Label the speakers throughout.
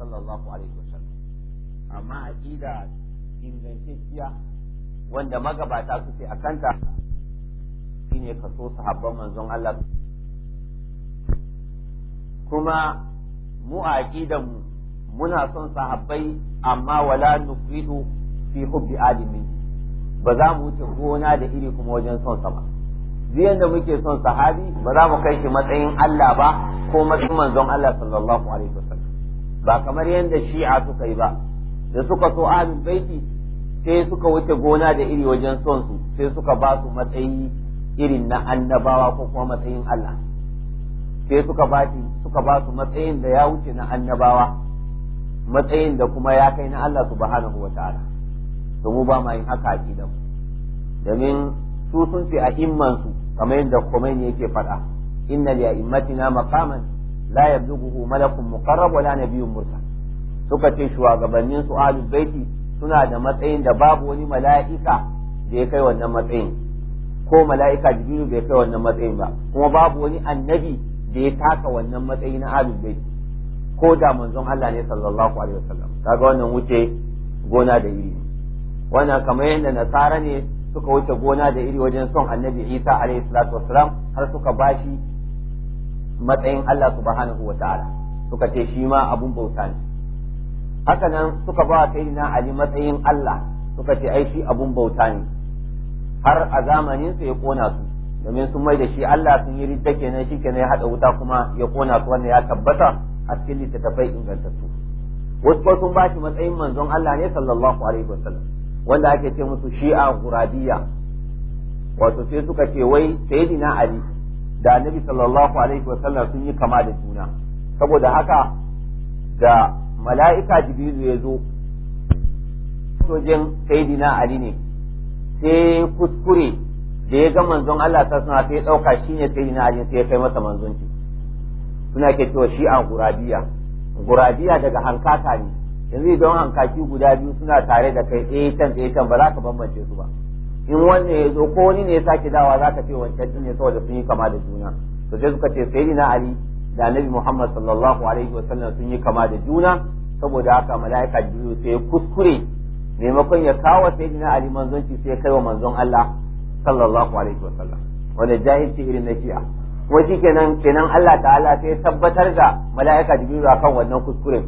Speaker 1: sallallahu alaihi wasallam amma aqida ingantacciya wanda magabata suke akanta shine kaso sahabban manzon Allah kuma mu a mu muna son sahabbai amma wala nuqidu fi hubbi alimi ba za mu wuce gona da iri kuma wajen son sa ba ziyan da muke son sahabi ba za mu kai shi matsayin Allah ba ko matsayin manzon Allah sallallahu alaihi wasallam ba kamar yadda shi'a suka yi ba da suka so ahlul baiti sai suka wuce gona da iri wajen son su sai suka ba su matsayi irin na annabawa ko kuma matsayin Allah sai suka ba suka ba su matsayin da ya wuce na annabawa matsayin da kuma ya kai na Allah subhanahu wataala to mu ba ma yin haka akidan domin su sun fi a imman su kamar yadda ne yake faɗa inna li a'immatina maqaman la yablughuhu malakun muqarrab wala nabiyyun mursal suka ce shugabannin su ahlul baiti suna da matsayin da babu wani mala'ika da ya kai wannan matsayin ko mala'ika jibrilu bai kai wannan matsayin ba kuma babu wani annabi da ya taka wannan matsayi na ahlul baiti ko da manzon Allah ne sallallahu alaihi wasallam kaga wannan wuce gona da iri wannan kamar yadda nasara ne suka wuce gona da iri wajen son annabi Isa alaihi salatu wasalam har suka bashi matsayin Allah subhanahu wa ta'ala suka ce shi ma abun bauta ne haka nan suka ba na Ali matsayin Allah suka ce ai shi abun bauta ne har a zamanin sa ya kona su domin sun mai da shi Allah sun yi ridda kenan shi kenan ya hada wuta kuma ya kona su wanda ya tabbata a cikin littattafai ingantattu wasu ko sun bashi matsayin manzon Allah ne sallallahu alaihi wasallam wanda ake ce musu shi'a guradiya wato sai suka ce wai sayyidina Ali da annabi sallallahu alaihi wa sallam sun yi kama da juna saboda haka da mala'ika jibrilu ya zo sojin saidina ali ne sai kuskure da ya ga manzon Allah ta suna sai ya shi ne saidina ali sai ya kai masa manzonci suna ke cewa shi a gurabiya gurabiya daga hankata ne yanzu idan hankaki guda biyu suna tare da kai ɗaya eh, can ɗaya eh, can ba za ka bambance su ba in wannan ya zo ko wani ne ya sake dawa za ka ce wancan din ne saboda sun yi kama da juna to sai suka ce na ali da nabi muhammad sallallahu alaihi wa sallam sun yi kama da juna saboda haka mala'ika jibril sai kuskure maimakon ya kawo na ali manzonci sai kai wa manzon Allah sallallahu alaihi wa sallam wanda jahilci irin na shi'a kuma shi kenan Allah ta'ala sai tabbatar da mala'ika jibril kan wannan kuskuren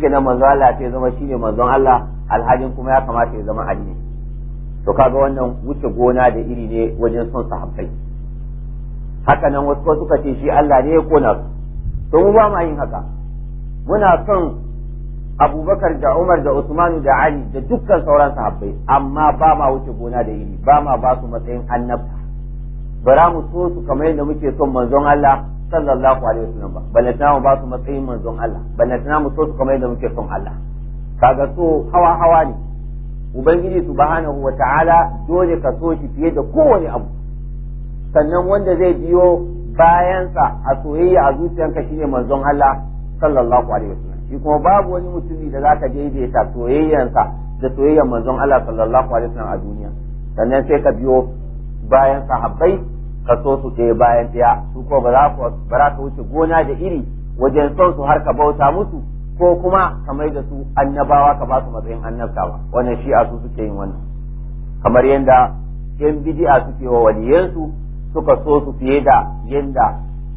Speaker 1: kenan manzon Allah sai zama shine manzon Allah alhalin kuma ya kamata ya zama ali to kaga wannan wuce gona da iri ne wajen son sahabbai haka nan wasu suka ce shi Allah ne ya kona su to mu ba ma yin haka muna son abubakar da umar da usman da ali da dukkan sauran sahabbai amma ba ma wuce gona da iri ba ma ba su matsayin annabta bara mu so su kamar yadda muke son manzon Allah sallallahu alaihi wasallam ba balantana mu ba su matsayin manzon Allah balantana mu so su kamar yadda muke son Allah kaga so hawa hawa ne ubangiji subhanahu ta'ala dole ka so shi fiye da kowane abu sannan wanda zai biyo bayansa a soyayya a zuciyanka shine manzon Allah sallallahu alaihi wasallam shi kuma babu wani mutumi da zaka daidaita soyayyansa da soyayyan manzon Allah sallallahu alaihi wasallam a duniya sannan sai ka biyo bayan sahabbai ka so su ɗaya bayan ɗaya su ko ba za ka wuce gona da iri wajen son su har ka bauta musu ko kuma kamar da su annabawa ka ba su matsayin annabta ba wannan shi'a su suke yin wannan kamar yadda yan bidi'a suke wa waliyansu suka so su fiye da yadda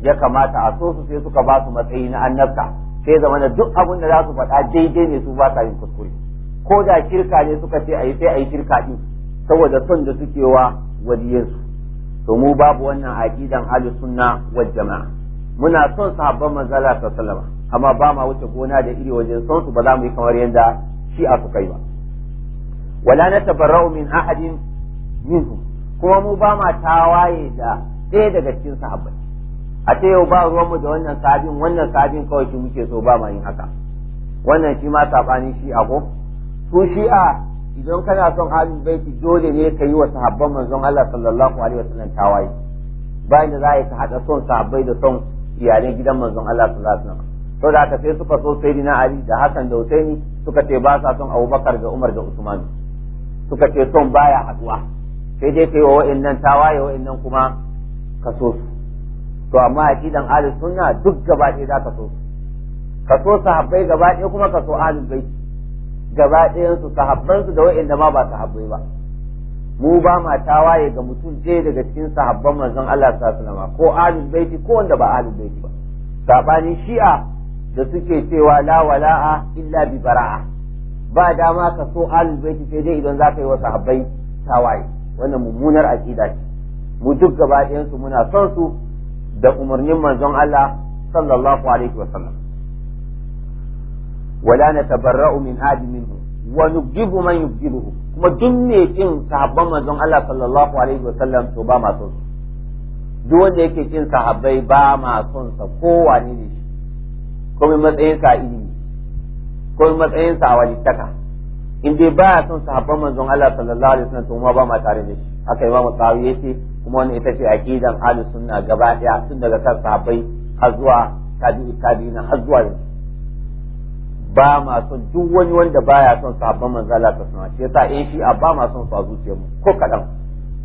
Speaker 1: ya kamata a so su sai suka ba su matsayi na annabta sai zama da duk abin da za su faɗa daidai ne su ba sa yin kuskure ko da shirka ne suka ce ayi sai ayi kirka shirka saboda son da suke wa waliyansu to mu babu wannan aqidan ahlus sunna wal jama'a muna son sahabban manzala sallallahu alaihi wasallam amma ba ma wuce gona da iri wajen son ba za mu yi kamar yadda shi a su kai ba wala na tabarra'u min ahadin minhum kuma mu ba ma tawaye da ɗaya daga cikin sahabbai a ce yau ba ruwanmu da wannan sabin wannan sabin kawai shi muke so ba ma yin haka wannan shi ma sabanin shi a ko su shi'a idan kana son halin baiti dole ne ka yi wa sahabban manzon Allah sallallahu alaihi wasallam tawaye bayan da za a yi ka haɗa son sahabbai da son iyalan gidan manzon Allah sallallahu alaihi wasallam to da aka sai suka so sai na Ali da Hassan da Husaini suka ce ba sa son Abubakar da Umar da Usman suka ce son baya haduwa sai dai kai wa wa'annan tawaye wa'annan kuma ka so su to amma aqidan Ahlus Sunna duk gaba ɗaya za ka so su ka so sahabbai gaba ɗaya kuma ka so Ahlul Bait gaba ɗayan su sahabban su da wa'anda ma ba sahabbai ba mu ba ma tawaye ga mutum ɗaya daga cikin sahabban manzon Allah sallallahu alaihi wasallam ko Ahlul Bait ko wanda ba Ahlul Bait ba sabanin Shi'a da suke cewa la wala'a illa bi bara'a ba dama ka so ahlul baiti sai dai idan zaka yi wa habbai tawaye wannan mummunar aqida ce mu duk gaba ɗayan su muna son su da umarnin manzon Allah sallallahu alaihi wasallam wala natabarra'u min hadi minhu wa nujibu man yujibuhu kuma duk ne kin sahabban manzon Allah sallallahu alaihi wasallam to ba ma son su duk wanda yake kin sahabbai ba ma son sa kowa ne komai matsayinsa a ilimi komai matsayinsa a walittaka in dai ya son sahabban manzon Allah sallallahu alaihi wasallam to ma ba ma tare da shi haka mu tsawi yace kuma wannan ita ce aqidan ahli sunna gaba daya tun daga kan sahabbai har zuwa tabi'i tabi'ina har zuwa yanzu ba ma son duk wani wanda baya son sahabban manzon Allah ta sunna shi yasa in shi ba ma son su a zuciyarmu ko kadan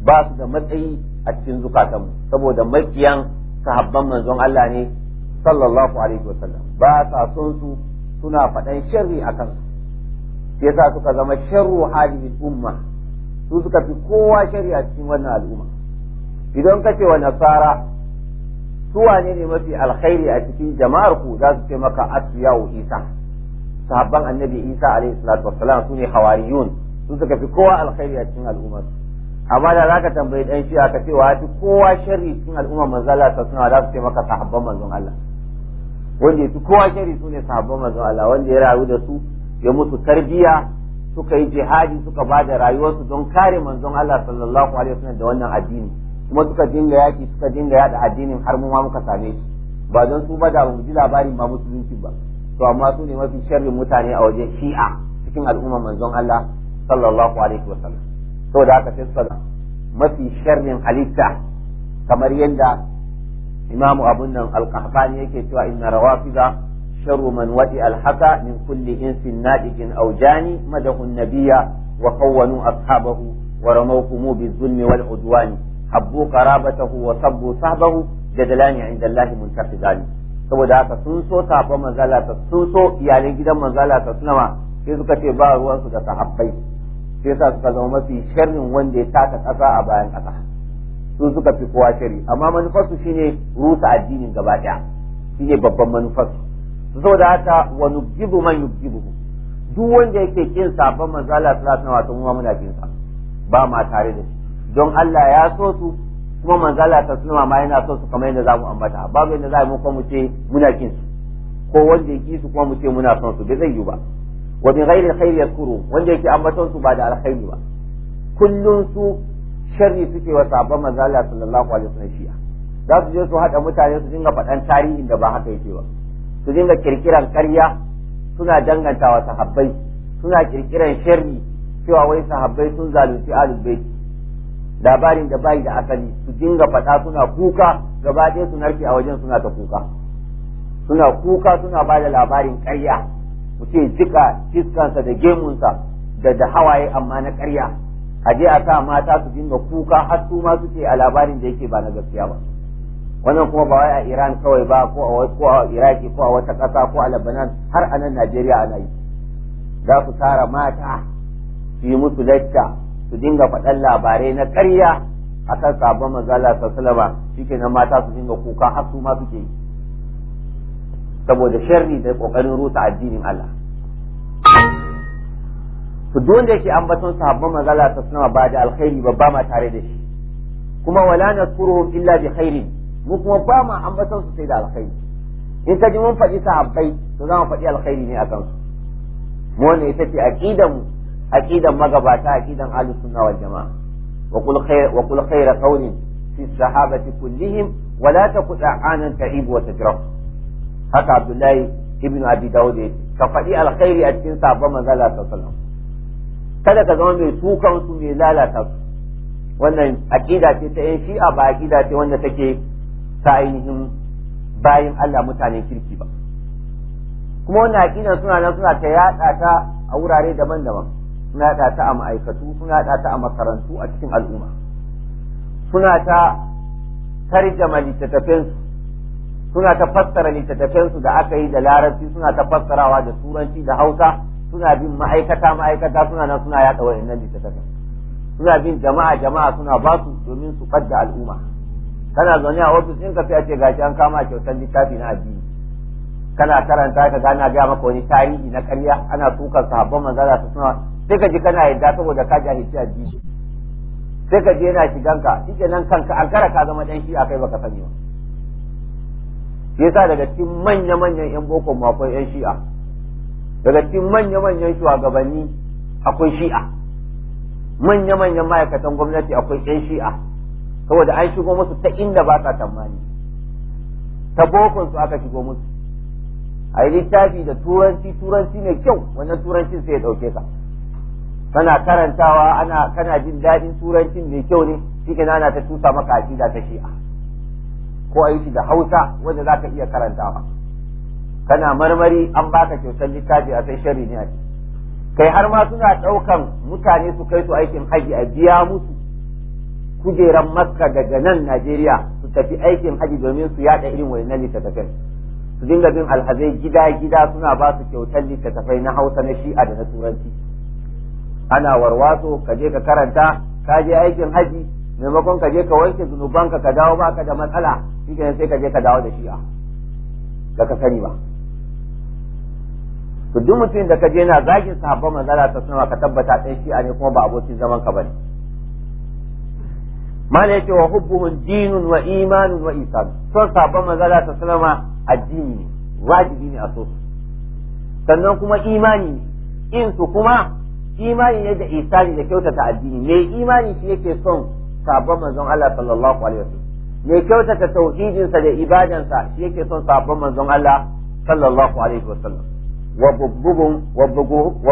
Speaker 1: ba su da matsayi a cikin zukatanmu saboda makiyan sahabban manzon Allah ne sallallahu alaihi wa sallam ba sa son su suna faɗan sharri a kan su sai sa suka zama sharru halin umma su suka fi kowa sharri a cikin wannan al'umma idan ka ce wa nasara su wane ne mafi alkhairi a cikin jama'ar ku za su ce maka asyawu isa sahabban annabi isa alaihi salatu wassalam su ne hawariyun su suka fi kowa alkhairi a cikin al'ummar amma da za ka tambayi dan shi aka ce wa fi kowa sharri cikin al'ummar manzo Allah sallallahu alaihi za su ce maka sahabban manzon Allah wanda yafi kowa shari su ne sahabban manzon Allah wanda ya rayu da su ya musu tarbiya suka yi jihadi suka ba da rayuwarsu don kare manzon Allah sallallahu alaihi wasallam da wannan addini kuma suka dinga yaki suka dinga yada addinin har mu ma muka same shi ba don su ba da mu ji labarin ba musulunci ba to amma su ne mafi sharrin mutane a wajen shi'a cikin al'ummar manzon Allah sallallahu alaihi wasallam saboda haka sai mafi sharrin halitta kamar yadda imamu abun nan alqahbani yake cewa inna rawafida sharu man wadi alhaka min kulli insin nadikin aujani madahu nabiyya wa qawwanu ashabahu wa ramawkumu bizulmi wal udwani habbu qarabatahu wa sabbu sahbahu jadalani inda allahi muntaqidani saboda haka sun so sabon manzala ta sun so iyalan gidan manzala ta sunama sai suka ce ba ruwansu da sahabbai sai suka zama mafi sharrin wanda ya taka ƙasa a bayan ƙasa su suka fi kowa shari amma manufarsu shine rusa addinin gaba daya shine babban manufarsu saboda haka wa nubjibu man yubjibuhu duk wanda yake kin sabon manzo Allah sallallahu alaihi wasallam muna kin sa ba ma tare da shi don Allah ya so su kuma manzo Allah sallallahu alaihi ma yana so su kamar yadda zamu ambata babu yadda za mu ko mu ce muna kin su ko wanda yake su kuma mu ce muna son su bai zai yi ba wa bi ghairi alkhairi yakuru wanda yake ambaton su ba da alkhairi ba kullun su sharri suke wa sabon manzala sallallahu alaihi wasallam shi'a za su je su haɗa mutane su dinga faɗan tarihin da ba haka yake ba su dinga kirkiran ƙarya suna dangantawa sahabbai suna kirkiran sharri cewa wai sahabbai sun zalunci ahlul labarin da bai da asali su dinga faɗa suna kuka gaba ɗaya su narke a wajen suna ta kuka suna kuka suna ba da labarin ƙarya mu ce jika fiskansa da gemunsa da da hawaye amma na ƙarya a je a sa mata su dinga kuka har su ma suke a labarin da yake ba na gaskiya ba wannan kuma ba wai a Iran kawai ba ko a Iraki ko a wata ƙasa ko a Lebanon har a nan Najeriya ana yi za su tara mata su yi musu lacca su dinga faɗan labarai na ƙarya akan sabon shi ke nan mata su dinga kuka har su ma suke yi saboda sharri da ƙoƙarin rusa addinin Allah to duk wanda yake ambaton sahabban manzala ta sunama ba da alkhairi ba ba ma tare da shi kuma wala nasuruhum illa bi khairin mu kuma ba ma ambaton su sai da alkhairi in ka ji mun faɗi sahabbai to za mu faɗi alkhairi ne akan su mu wannan ita ce aqidan aqidan magabata aqidan ahlus sunna wal jamaa wa qul khair wa qul khaira qawlin fi sahabati kullihim wa la anan ta'ib wa tajrah haka abdullahi ibnu abi daud ka faɗi alkhairi a cikin sahabban manzala ta sunama kada ka zama mai sukan su mai lalata su wannan aqida ce ta yan shi'a ba aqida ce wanda take ta ainihin bayin Allah mutane kirki ba kuma wannan aqidan suna nan suna ta yada ta a wurare daban-daban suna yada ta a ma'aikatu suna yada ta a makarantu a cikin al'umma suna ta tarjama su suna ta fassara su da aka yi da larabci suna ta fassarawa da turanci da hausa suna bin ma'aikata ma'aikata suna nan suna yaɗa wa'annan littattafan suna bin jama'a jama'a suna ba su domin su kadda al'umma kana zaune a ofis in ka sai a ce gashi an kama kyautar littafi na addini kana karanta ka gana ga maka wani tarihi na karya ana tukar sahabban manzara su suna sai ka ji kana yadda saboda ka jahilci addini sai ka ji yana shiganka shike nan kanka an kara ka zama dan shi akai baka sani ba yasa daga cikin manya-manyan yan boko mu yan shi'a daga cikin manya-manyan shugabanni akwai shi'a manya-manyan ma'aikatan gwamnati akwai 'yan shi'a saboda an shigo musu ta inda ba sa tsammani ta bokon su aka shigo musu a yi littafi da turanci turanci mai kyau wannan turancin sai ya ɗauke ka kana karantawa ana kana jin daɗin turancin mai kyau ne shi ana ta tusa maka a ta shi'a ko a yi shi da hausa wanda za ka iya karantawa kana marmari an baka kyautar littafi a sai sharri ne a ciki kai har ma suna ɗaukan mutane su kai su aikin haji a biya musu kujeran makka daga nan najeriya su tafi aikin haji domin su yaɗa irin na littattafai su dinga bin alhazai gida gida suna ba su kyautar littattafai na hausa na shi'a da na turanci ana warwaso ka je ka karanta ka je aikin haji maimakon ka je ka wanke zunubanka ka dawo baka da matsala shi sai ka je ka dawo da shi'a ka sani ba to duk mutumin da ka je na zagin sahabban manzala ta sunna ka tabbata shi shi'a ne kuma ba abokin zaman ka bane mana yake wa hubbuhun dinun wa imanun wa isan son sahabban manzala ta sunna addini ne wajibi ne a so sannan kuma imani ne in su kuma imani ne da isani da kyautata addini me imani shi yake son sabon manzon Allah sallallahu alaihi wasallam Me kyautata tauhidinsa da ibadansa shi yake son sabon manzon Allah sallallahu alaihi wasallam wa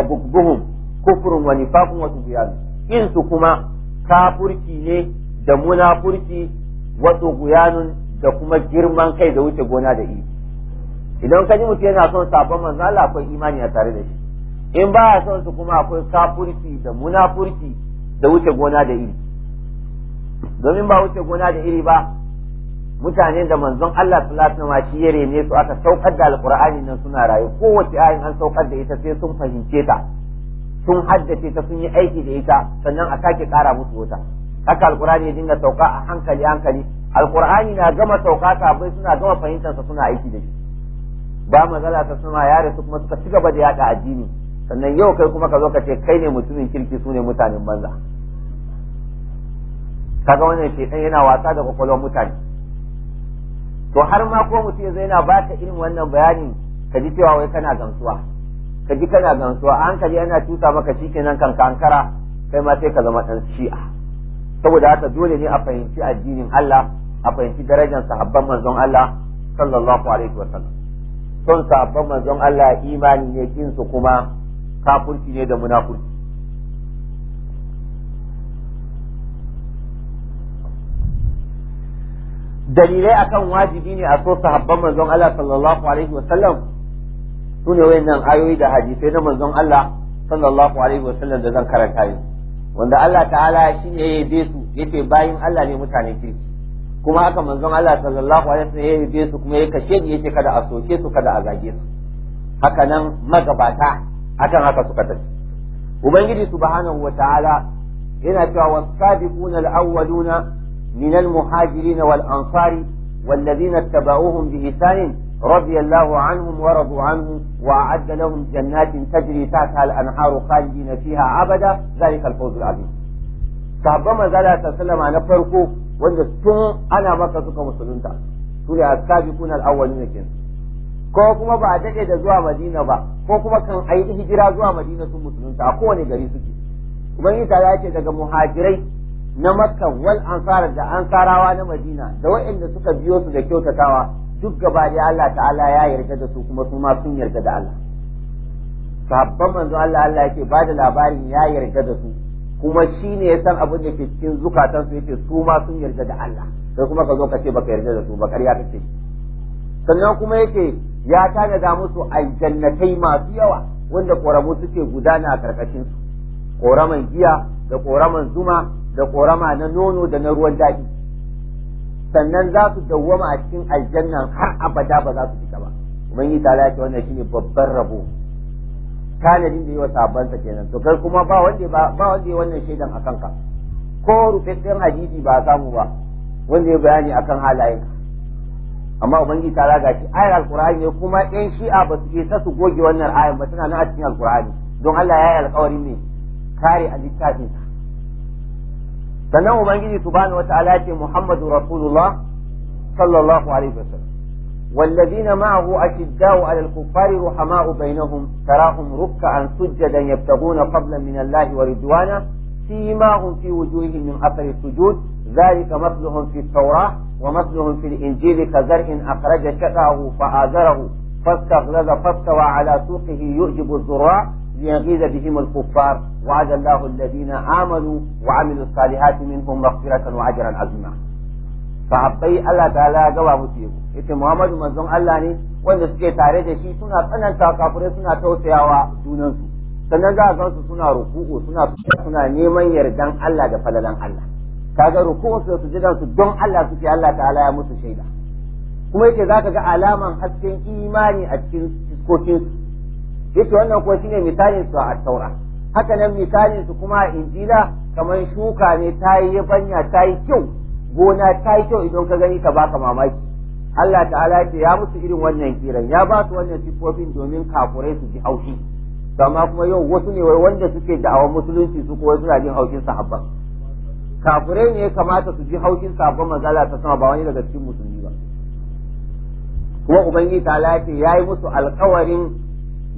Speaker 1: bugbuhun kufurin wani fafin wasu tughyan in su kuma kafurci ne da munafurci wasu guyanun da kuma girman kai da wuce gona da iri idan ka ji mutum yana son sabon manzo Allah akwai imani a tare da shi in ba a son su kuma akwai kafurci da munafurci da wuce gona da iri domin ba wuce gona da iri ba mutane da manzon Allah sallallahu alaihi shi ya rene su aka saukar da alqur'ani nan suna rayu kowace ayin an saukar da ita sai sun fahimce ta sun haddace ta sun yi aiki da ita sannan a sake kara musu wata haka alqur'ani ya dinga sauka a hankali hankali alqur'ani na gama sauka sabai suna gama fahimtar sa suna aiki da shi ba mazala ta suna yare su kuma suka ci gaba da yada addini sannan yau kai kuma ka zo ka ce kai ne mutumin kirki su ne mutanen banza kaga wannan shedan yana wasa da kwakwalwar mutane to har ma ko mutum ya zaina ba ta irin wannan bayanin ka ji cewa wai kana gamsuwa ka ji kana gamsuwa an ka ana tusa maka shikenan kan kankara kai ma sai ka zama dan shi'a saboda haka dole ne a fahimci addinin Allah a fahimci darajar sahabban manzon Allah sallallahu alaihi wa sallam son sahabban manzon Allah imani ne kin kuma kafirci ne da munafurci dalilai akan wajibi ne a so sahabban manzon Allah sallallahu alaihi wa sallam su ne wayannan ayoyi da hadisai na manzon Allah sallallahu alaihi wa sallam da zan karanta yi wanda Allah ta'ala shi ne ya yabe su yace bayin Allah ne mutane kirki kuma haka manzon Allah sallallahu alaihi wa sallam ya yabe su kuma ya kashe ni yace kada a soke su kada a zage su haka nan magabata akan haka suka tafi ubangiji subhanahu wa ta'ala yana cewa wasabiquna sabiquna al-awwaluna من المهاجرين na والذين اتبعوهم بإحسان رضي الله عنهم ورضوا عنه وأعد لهم جنات تجري تحتها الأنهار خالدين فيها أبدا ذلك الفوز العظيم sabon mazala ta sallama na farko wanda tun ana maka suka musulunta su ne askabi kuna al'awali na kin ko kuma ba a daɗe da zuwa madina ba ko kuma kan aiki hijira zuwa madina sun musulunta a kowane gari suke ubangiji ta ya ce daga muhajirai na makka wal ansar da ansarawa na madina da waɗanda suka biyo su da kyautatawa duk gaba da Allah ta'ala ya yarda da su kuma su ma sun yarda da Allah sabban manzo Allah Allah yake ba da labarin ya yarda da su kuma shi ne ya san abin da ke cikin zukatan su yake su ma sun yarda da Allah sai kuma ka zo ka ce baka yarda da su ba ƙarya kake sannan kuma yake ya tanada musu aljannatai masu yawa wanda ƙoramu suke gudana a ƙarƙashin su ƙoraman giya da ƙoraman zuma da ƙorama na nono da na ruwan daɗi sannan za su dawwama a cikin aljannan har abada ba za su fita ba ubangiji ta ya ce wannan shine babban rabo tanadin da yi wa sabansa kenan to kai kuma ba wanda ba wanda wannan shaidan akan ka ko rufaffen hadisi ba samu ba wanda ya bayani akan halayen amma ubangiji ta raga shi ayar alqur'ani ne kuma yan shi'a ba su isa su goge wannan ayar ba tana nan a cikin alqur'ani don Allah ya yi alƙawarin ne kare a littafin sannan ubangiji subhanahu wataala ce muhammadu rasulullah sallallahu alaihi wasallam والذين معه أشداء على الكفار رحماء بينهم تراهم ركعا سجدا يبتغون فضلا من الله ورضوانا فيما هم في وجوههم من أثر السجود ذلك مثلهم في التوراة ومثلهم في الإنجيل كزرع أخرج شقه فآزره فاستغلظ فاستوى على سوقه يعجب الزراع ليغيظ بهم الكفار وعد الله الذين آمنوا وعملوا الصالحات منهم مغفرة وأجرا عظيما sahabbai Allah ta'ala gawa musu yabo yace Muhammadu manzon Allah ne wanda suke tare da shi suna tsananta kafure suna tausayawa junansu sannan za a ga su suna ruku'u suna suna neman yardan Allah da falalan Allah kaga ruku'u su sujudan su don Allah suke Allah ta'ala ya musu shaida kuma yake zaka ga alaman hasken imani a cikin fiskokin yake wannan kuwa shine misalin su a taura haka nan misalin su kuma a injila kamar shuka ne ta yi banya ta yi kyau gona ta yi kyau idan ka gani ka baka mamaki Allah ta'ala ce ya musu irin wannan kiran ya ba su wannan sifofin domin kafurai su ji haushi amma kuma yau wasu ne wanda suke da'awar musulunci su kuma suna jin haushin sahabban kafurai ne kamata su ji haushin sahabban manzala ta sama ba wani daga cikin musulmi ba kuma ubangiji ta ce ya yi musu alkawarin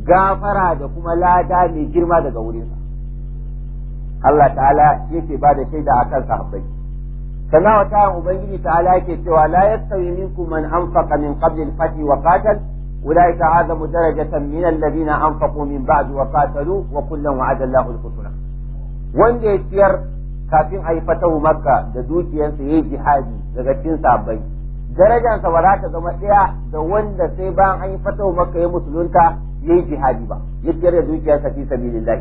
Speaker 1: gafara da kuma lada mai girma daga wurinsa Allah ta'ala yake ba da shaida a kan sahabbai sannan wata ubangiji ta'ala yake cewa la yastawi minkum man anfaqa min qabli al-fath wa qatal ulaika azamu darajatan min alladhina anfaqu min ba'd wa qatalu wa kullun wa'ada Allahu al-husna wanda ya ciyar kafin a yi fatahu makka da dukiyarsa yayi jihadi daga cikin sahabbai darajansa ba za ta zama ɗaya da wanda sai ba an yi fatahu makka ya musulunta yayi jihadi ba ya ciyar da dukiyarsa fi sabilillah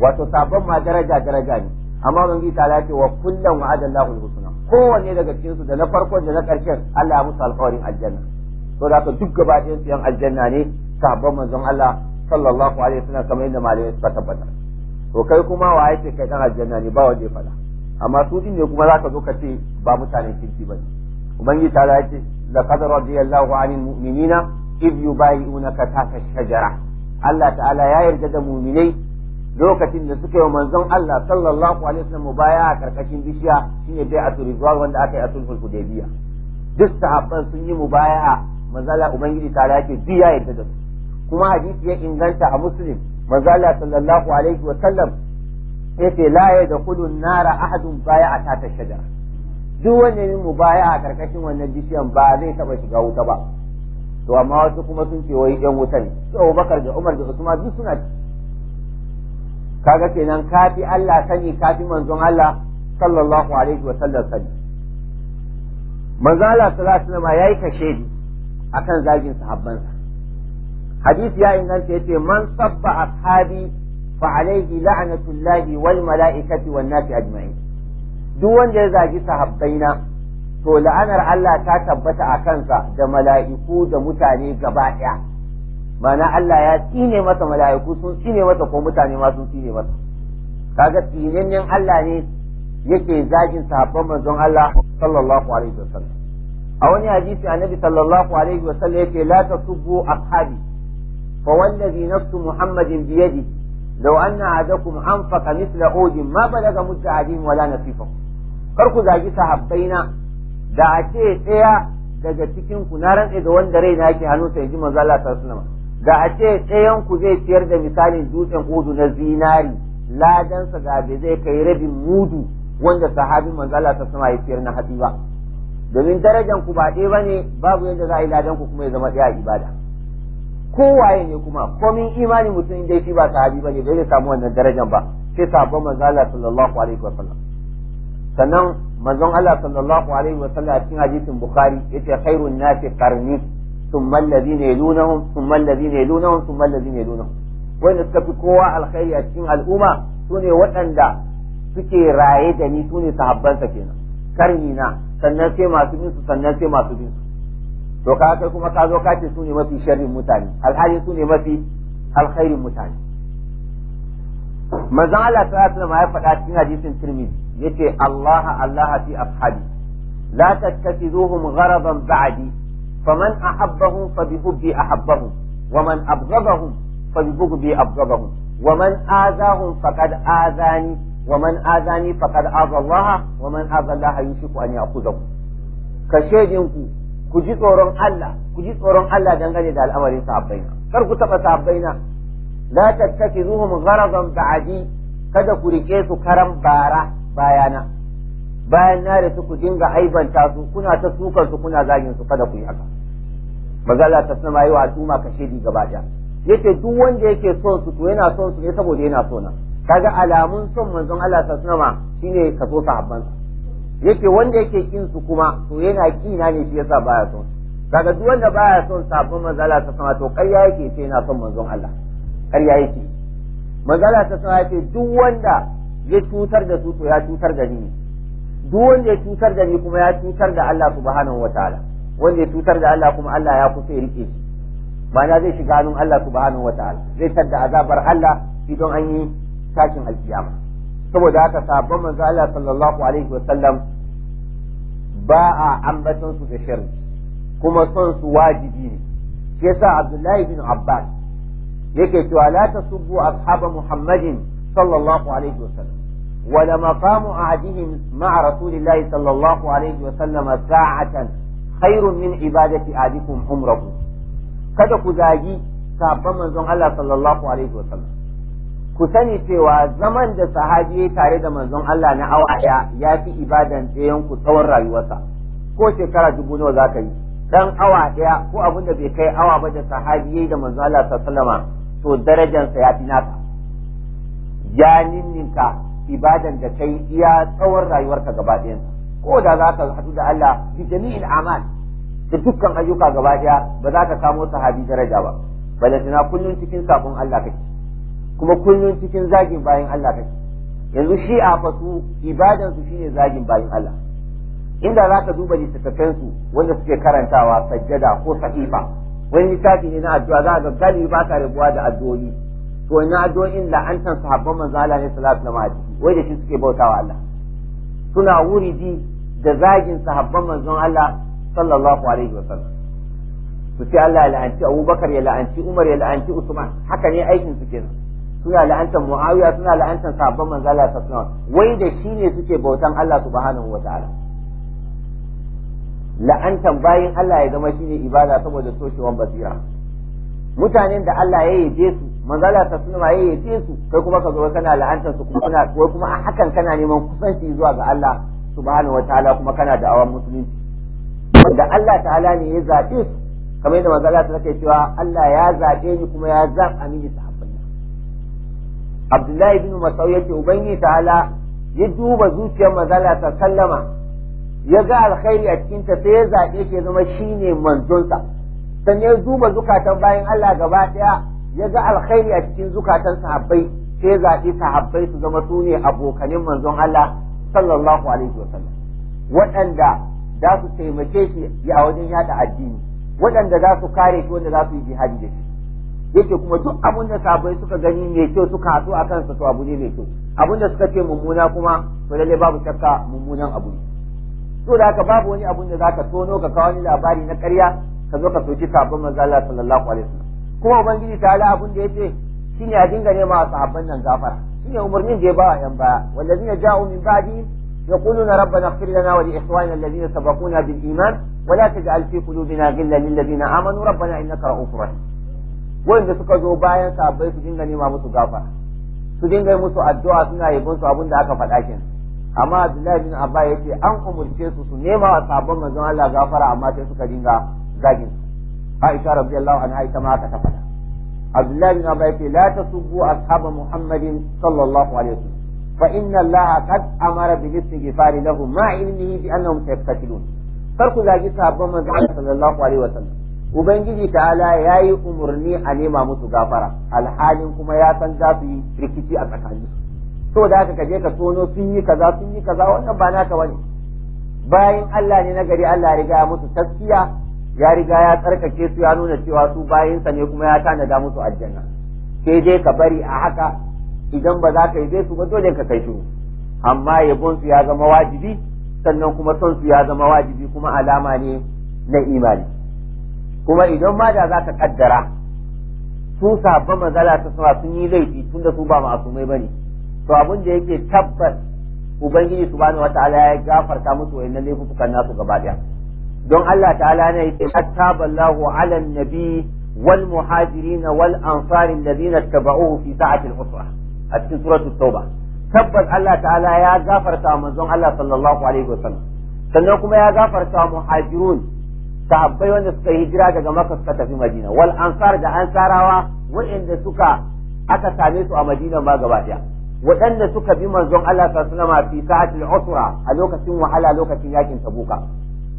Speaker 1: wato sabon ma daraja daraja ne amma ubangiji ta ce wa kullum wa'ada Allahu husna kowanne daga cikin su da na farkon da na karshen Allah ya musu alƙawarin aljanna to da ka duk gaba ɗayan su yan aljanna ne sabon manzon Allah sallallahu alaihi wasallam kamar yadda malamai suka tabbata to kai kuma wa yake kai dan aljanna ne ba wanda ya faɗa amma su din ne kuma zaka zo ka ce ba mutanen kirki bane ubangiji ta ce laqad radiyallahu anil mu'minina iz yubayi'unaka tahta shajara Allah ta'ala ya yarda da muminai lokacin da suka yi manzon Allah sallallahu alaihi wasallam baya a karkashin bishiya shine bai a turizuwa wanda aka yi a sulhul hudaybiya duk sahabban sun yi mubaya'a manzala ubangiji ta yake biya yarda da su kuma hadisi ya inganta a muslim manzala sallallahu alaihi wasallam yake la kudun nara ahadun baya'a ta shajara duk wanda ya mubaya'a karkashin wannan bishiyan ba zai taba shiga wuta ba to amma wasu kuma sun ce wai yan wuta ne su Abubakar da Umar da Usman duk suna ci kaga kenan kafi Allah sani kafi manzon Allah sallallahu alaihi wa sallam sani manzon Allah sallallahu alaihi wa yayi kashedi akan zagin sahabbansa hadisi ya inganta yace man sabba ashabi fa alaihi la'natullahi wal mala'ikati wan nasi ajma'in duk wanda ya zagi sahabbaina to la'anar Allah ta tabbata a kansa da mala'iku da mutane gaba ɗaya mana Allah ya tsine masa mala'iku sun tsine masa ko mutane ma sun tsine masa kaga tsinennen Allah ne yake zagin sahabban manzon Allah sallallahu alaihi wasallam a wani hadisi annabi sallallahu alaihi wasallam yake la tasubbu ashabi fa wallazi nafsu muhammadin bi yadi law anna ahadakum anfaqa mithla uhud ma balaga mudda wala nasifa kar ku zagi sahabbaina da a ce ɗaya daga cikin ku na rantse ga wanda rai na yake hannu sai ji manzo Allah ta sunama da a ce ɗayan ku zai ciyar da misalin dutsen udu na zinari ladansa ga bai zai kai rabin mudu wanda sahabin manzo Allah ta sunama ya ciyar na hatsi ba domin darajan ku ba dai bane babu yadda za a yi ladan ku kuma ya zama ɗaya ibada kowaye ne kuma komin imani mutum dai shi ba sahabi bane bai zai samu wannan darajan ba sai sabon manzo Allah sallallahu alaihi wasallam sannan manzon Allah sallallahu alaihi wa sallam a cikin hadisin bukhari yace khairun nasi qarni thumma alladhina yalunhum thumma alladhina yalunhum thumma alladhina yalunhum wanda suka fi kowa alkhairi a cikin al'umma sune waɗanda suke raye da ni sune sahabbansa kenan karni na sannan sai masu bin su sannan sai masu bin su to ka kai kuma ka zo ka ce sune mafi sharrin mutane alhali sune mafi alkhairin mutane manzon Allah sallallahu alaihi ya faɗa cikin hadisin Tirmidhi yace Allah Allah fi ashabi la tattakhiduhum gharadan ba'di faman ahabbahum fabihubbi ahabbahum waman abghadahum fabihubbi abghadahum waman azahum faqad azani waman azani faqad aza Allah waman aza Allah yushiku an ya'khudhahu kashejin ku ku ji tsoron Allah ku ji tsoron Allah dangane da al'amarin sahabbaina kar ku taba sahabbaina la tattakizuhum gharadan ba'adi kada ku rike su karan bara bayana bayan na da su ku dinga aibanta su kuna ta sukar su kuna zagin su kada ku yi haka magana ta sama yi wa al'umma kashe di gaba da yace duk wanda yake son su to yana son su ne saboda yana so na kaga alamun son manzon Allah ta sama shine ka so sahabban yace wanda yake kin su kuma to yana kina ne shi yasa baya son kaga duk wanda baya son sabon manzon Allah ta sama to kai yake ce yana son manzon Allah ƙarya yake manzala ta sana ce duk wanda ya cutar da su to ya cutar da ni duk wanda ya cutar da ni kuma ya cutar da Allah subhanahu wataala wanda ya cutar da Allah kuma Allah ya kusa ya rike shi ma'ana zai shiga hannun Allah subhanahu wataala zai da azabar Allah idan an yi tashin alkiyama saboda haka sabon manzo Allah sallallahu alaihi wa sallam ba a ambaton su da sharri kuma son su wajibi ne shi yasa Abdullahi bin Abbas yake cewa la tasubbu ashaba muhammadin sallallahu alaihi wasallam ولا مقام أحدهم مع رسول الله صلى الله عليه وسلم ساعة خير من عبادة أحدكم عمره kada ku zagi sabon manzon Allah sallallahu alaihi wasallam ku sani cewa zaman da sahabi tare da manzon Allah na awa daya ya fi ibadan da ku tsawon rayuwarsa ko shekara dubu nawa za ka yi dan awa daya ko abin da bai kai awa ba da sahabi da manzon Allah sallallahu alaihi wasallama to darajansa ya fi naka ya ninninka ibadan da kai iya tsawon rayuwarka gaba ɗayansa ko da za ka haɗu da Allah bi jami'in amal da dukkan ayyuka gaba ɗaya ba za ka samo sahabi daraja ba balantana kullun cikin sakon Allah kake kuma kullun cikin zagin bayan Allah kake yanzu shi a fasu ibadan su shine zagin bayan Allah inda za ka duba littattafansu su wanda suke karantawa sajjada ko sahifa wani littafi ne na addu'a za ga galibi ba ka rabuwa da addu'o'i to na addu'o'in la'antan sahabban manzo Allah ne sallallahu alaihi wasallam wai da shi suke bautawa Allah suna wuridi da zagin sahabban manzon Allah sallallahu alaihi wa sallam, su ce Allah ya la'anci Abubakar ya la'anci Umar ya la'anci Usman haka ne aikin su kenan suna la'antar Muawiya suna la'antar sahabban manzo Allah sallallahu alaihi wasallam wai da shi ne suke bautan Allah subhanahu wataala la'antan bayan Allah ya zama shine ibada saboda toshewan basira mutanen da Allah ya yaje su manzala ta sunna ya yaje su kai kuma ka zo kana la'antar su kuma kana ko kuma a hakan kana neman kusanci zuwa ga Allah subhanahu wataala kuma kana awan musulunci wanda Allah ta'ala ne ya zabe su kamar yadda manzala ta take cewa Allah ya zabe ni kuma ya zaba ta sahabbaina Abdullahi ibn Mas'ud yace ubangi ta'ala ya duba zuciyar manzala ta sallama ya ga alkhairi a cikin ta sai ya zaɓe shi ya zama shine manzonsa sannan ya duba zukatan bayan Allah gaba ɗaya ya ga alkhairi a cikin zukatan sahabbai sai ya zaɓe sahabbai su zama su ne abokanin manzon Allah sallallahu alaihi wasallam waɗanda za su taimake shi a wajen yada addini waɗanda za su kare shi wanda za su yi jihadi da shi yake kuma duk abin da sabai suka gani mai kyau suka haɗu a kansa to abu ne mai kyau abin da suka ce mummuna kuma to lalle babu shakka mummunan abu ne so da haka babu wani abun da zaka tono ka kawo wani labari na ƙarya ka zo ka soki sabon manzo Allah sallallahu alaihi wasallam kuma ubangiji ta ala abun da yace shine a dinga nema sahabban nan gafara shine umarnin da ya ba yan baya wallazina ja'u min ba'di يقولون ربنا اغفر لنا ولإخواننا الذين سبقونا بالإيمان ولا تجعل في قلوبنا غلا للذين amanu ربنا إنك رؤوف رحيم wanda suka zo bayan sahabbai su dinga nema musu gafara su dinga musu addu'a suna yabon su abin da aka faɗa kenan amma Abdullahi bin Abba yace an umurce su su nema wa sabon manzon Allah gafara amma sai suka dinga zagin Aisha radiyallahu anha ita ma aka ta faɗa Abdullahi bin Abba yace la tasubbu ashaba Muhammadin sallallahu alaihi wasallam fa inna Allah qad amara bil istighfar lahum ma ilmihi bi annahum sayaqtilun kar ku zagi sabon manzon Allah sallallahu alaihi wasallam Ubangiji ta'ala ya yi umarni a nema musu gafara alhalin kuma ya san za su yi rikici a tsakaninsu saboda da aka je ka tono sun yi kaza sun yi kaza wannan ba naka bane bayan Allah ne na gari Allah ya riga musu taskiya ya riga ya tsarkake su ya nuna cewa su bayinsa ne kuma ya tanada musu aljanna sai dai ka bari a haka idan ba za ka yi su ba dole ka kai shiru amma yabon su ya zama wajibi sannan kuma son su ya zama wajibi kuma alama ne na imani kuma idan ma da za ka kaddara su sabon manzala sama sun yi laifi tunda su ba masu mai bane to abin da yake tabbas ubangiji subhanahu wataala ya gafarta musu wayannan laifukan nasu gaba don Allah ta'ala ne yake taballahu ala nabi wal muhajirin wal ansar alladhina tabauhu fi sa'atil usra a cikin suratul tauba tabbas Allah ta'ala ya gafarta manzon Allah sallallahu alaihi wasallam sannan kuma ya gafarta muhajirun sahabbai wanda suka hijira daga Makka suka tafi Madina wal ansar da ansarawa wa'inda suka aka same su a Madina ma gaba daya waɗanda suka bi manzon Allah sallallahu alaihi fi cikin usra a lokacin wahala lokacin yakin tabuka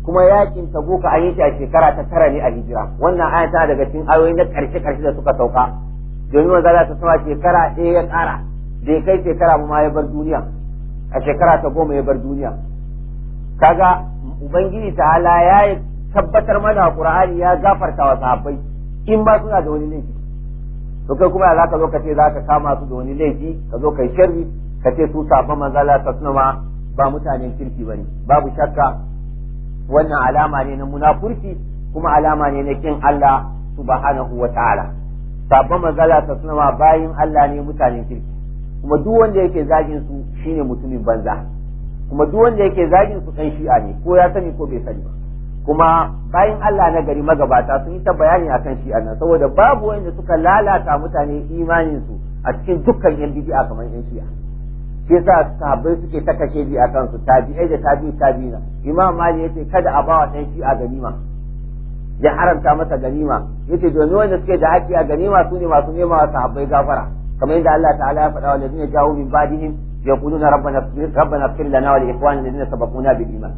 Speaker 1: kuma yakin tabuka an yi shi a shekara ta tara ne a hijira wannan aya ta daga cikin ayoyi na karshe karshe da suka sauka domin manzon Allah sallallahu shekara ɗaya ya ƙara da kai shekara ma ya bar duniya a shekara ta goma ya bar duniya kaga ubangiji ta'ala ya tabbatar mana qur'ani ya gafarta wa sahabbai in ba suna da wani laifi to kai kuma za ka zo ka ce za ka kama su da wani laifi ka zo kai sharri ka ce su safa manzala ta ba mutanen kirki bane babu shakka wannan alama ne na munafurci kuma alama ne na kin Allah subhanahu wa ta'ala sabon manzala ta bayin Allah ne mutanen kirki kuma duk wanda yake zagin su shine mutumin banza kuma duk wanda yake zagin su kan shi'a ne ko ya sani ko bai sani ba kuma bayan Allah na gari magabata sun yi ta bayani akan shi nan saboda babu wanda suka lalata mutane imanin su a cikin dukkan yan bid'a kamar yan shi'a shi yasa sahabbai suke ta kashe bi akan su tabi'ai da tabi'i na imam mali yace kada a bawa dan shi'a ganima ya haramta masa ganima yace domin wanda suke da haƙƙi a ganima su ne masu nema wa sahabbai gafara kamar yadda Allah ta'ala ya faɗa wa ladina jawo min badihim yaquluna rabbana rabbana fir lana wa li ikhwanina alladhina sabaquna bil iman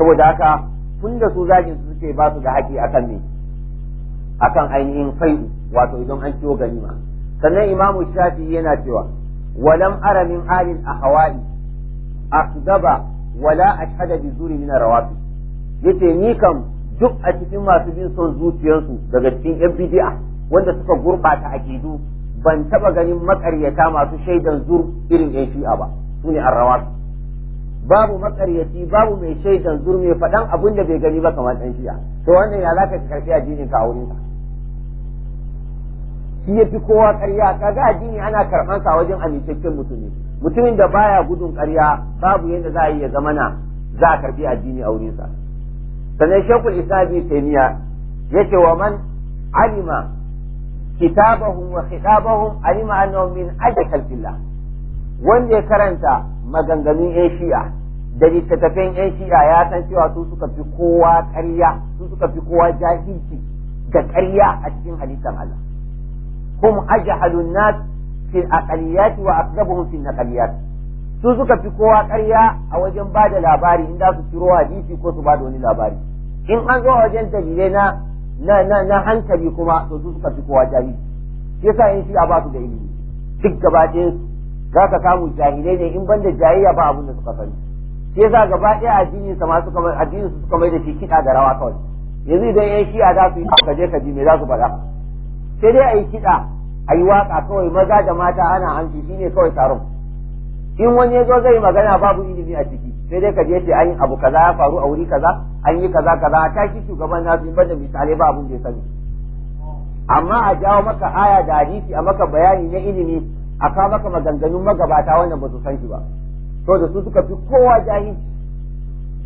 Speaker 1: saboda haka tun da su zagin su suke ba su da haƙi akan me akan ainihin fai'u wato idan an ciwo ganima sannan imamu shafi yana cewa walam ara min a su daba wala a shada bi zuri min rawafi yace ni kam duk a cikin masu bin son zuciyarsu daga cikin yan bid'a wanda suka gurbata akidu ban taɓa ganin makaryata masu shaidan zur irin yan shi'a ba sune arrawafi babu makaryaci babu mai shaidan zurme faɗan abin da bai gani ba kamar ɗan shiya to wannan ya zaka ka karfi addinin ka a wurinsa shi ya fi kowa karya kaga addini ana sa wajen amintaccen mutumi mutumin da baya gudun karya babu yadda za a yi ya na za a karfi addini a wurinsa sannan shekul isabi taimiya yake wa man alima kitabahum wa khitabahum alima annahum min ajakal fillah wanda ya karanta maganganun yan shi'a da littattafan yan shi'a ya san cewa su suka fi kowa ƙarya su suka fi kowa jahilci da ƙarya a cikin halittar Allah kuma ajhalun nas fi aqaliyat wa aqdabuhum fi naqaliyat su suka fi kowa ƙarya a wajen ba da labari in za su ciro hadisi ko su ba da wani labari in an zo wajen dalilai na na na na hankali kuma to su suka fi kowa jahili yasa in shi a ba su da ilimi duk gaba ɗayan za ka samu jahilai ne in banda jayayya ba abin da suka sani sai za gaba ɗaya addinin sa masu kamar addinin su suka da shi kiɗa da rawa kawai yanzu idan yan shi'a za su yi ka je ka ji me za su faɗa sai dai a yi kiɗa a yi waƙa kawai maza da mata ana hanci ne kawai taron in wani ya zo zai magana babu ilimi a ciki sai dai ka je ce an yi abu kaza ya faru a wuri kaza an yi kaza kaza a tashi shugaban nasu in banda misalai ba abin da ya sani amma a jawo maka aya da hadisi a maka bayani na ilimi a kama maka maganganun magabata wannan ba su san shi ba to da su suka fi kowa jahil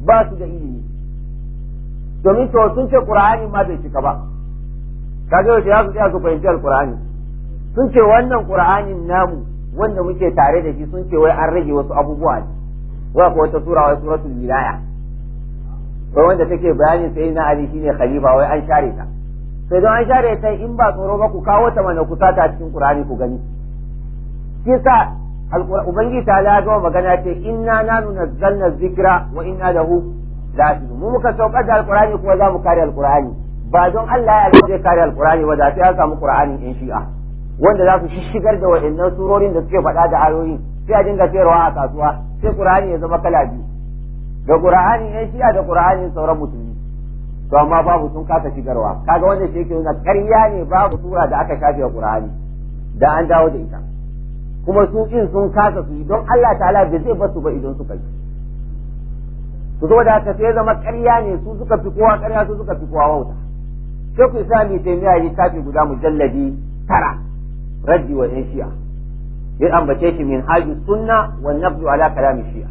Speaker 1: ba su da ilimi domin to sun ce qur'ani ma bai cika ba kaga yau ya su tsaya su fahimci alqur'ani sun ce wannan qur'anin namu wanda muke tare da shi sun ce wai an rage wasu abubuwa ne wa ko wata sura wai suratul bilaya wai wanda take bayani sai na ali shine khalifa wai an share ta sai don an share ta in ba tsoro ba ku kawo ta mana ku sata cikin qur'ani ku gani shi yasa ubangiji ta ya gama magana ce inna nanu nazzalna zikra wa inna lahu lafi mu muka saukar da alqur'ani kuma za mu kare alqur'ani ba don Allah ya zai kare alqur'ani ba da sai an samu qur'ani in shi'a wanda za su shigar da wa'annan surorin da suke faɗa da ayoyi sai a dinga sayarwa a kasuwa sai qur'ani ya zama kala biyu da qur'ani in shi'a da qur'ani sauran musulmi to amma babu sun kasa shigarwa kaga wanda shi yake yana ƙarya ne babu sura da aka shafe wa qur'ani da an dawo da ita kuma su in sun kasa su don Allah ta'ala bai zai basu ba idan suka yi su da haka sai zama karya ne su suka fi kowa ƙarya su suka fi kowa wauta sai ku isa mai taimiya littafi guda mujalladi tara raddi wa ɗan shi'a ya ambace shi min haji sunna wa nabdu ala kalami shi'a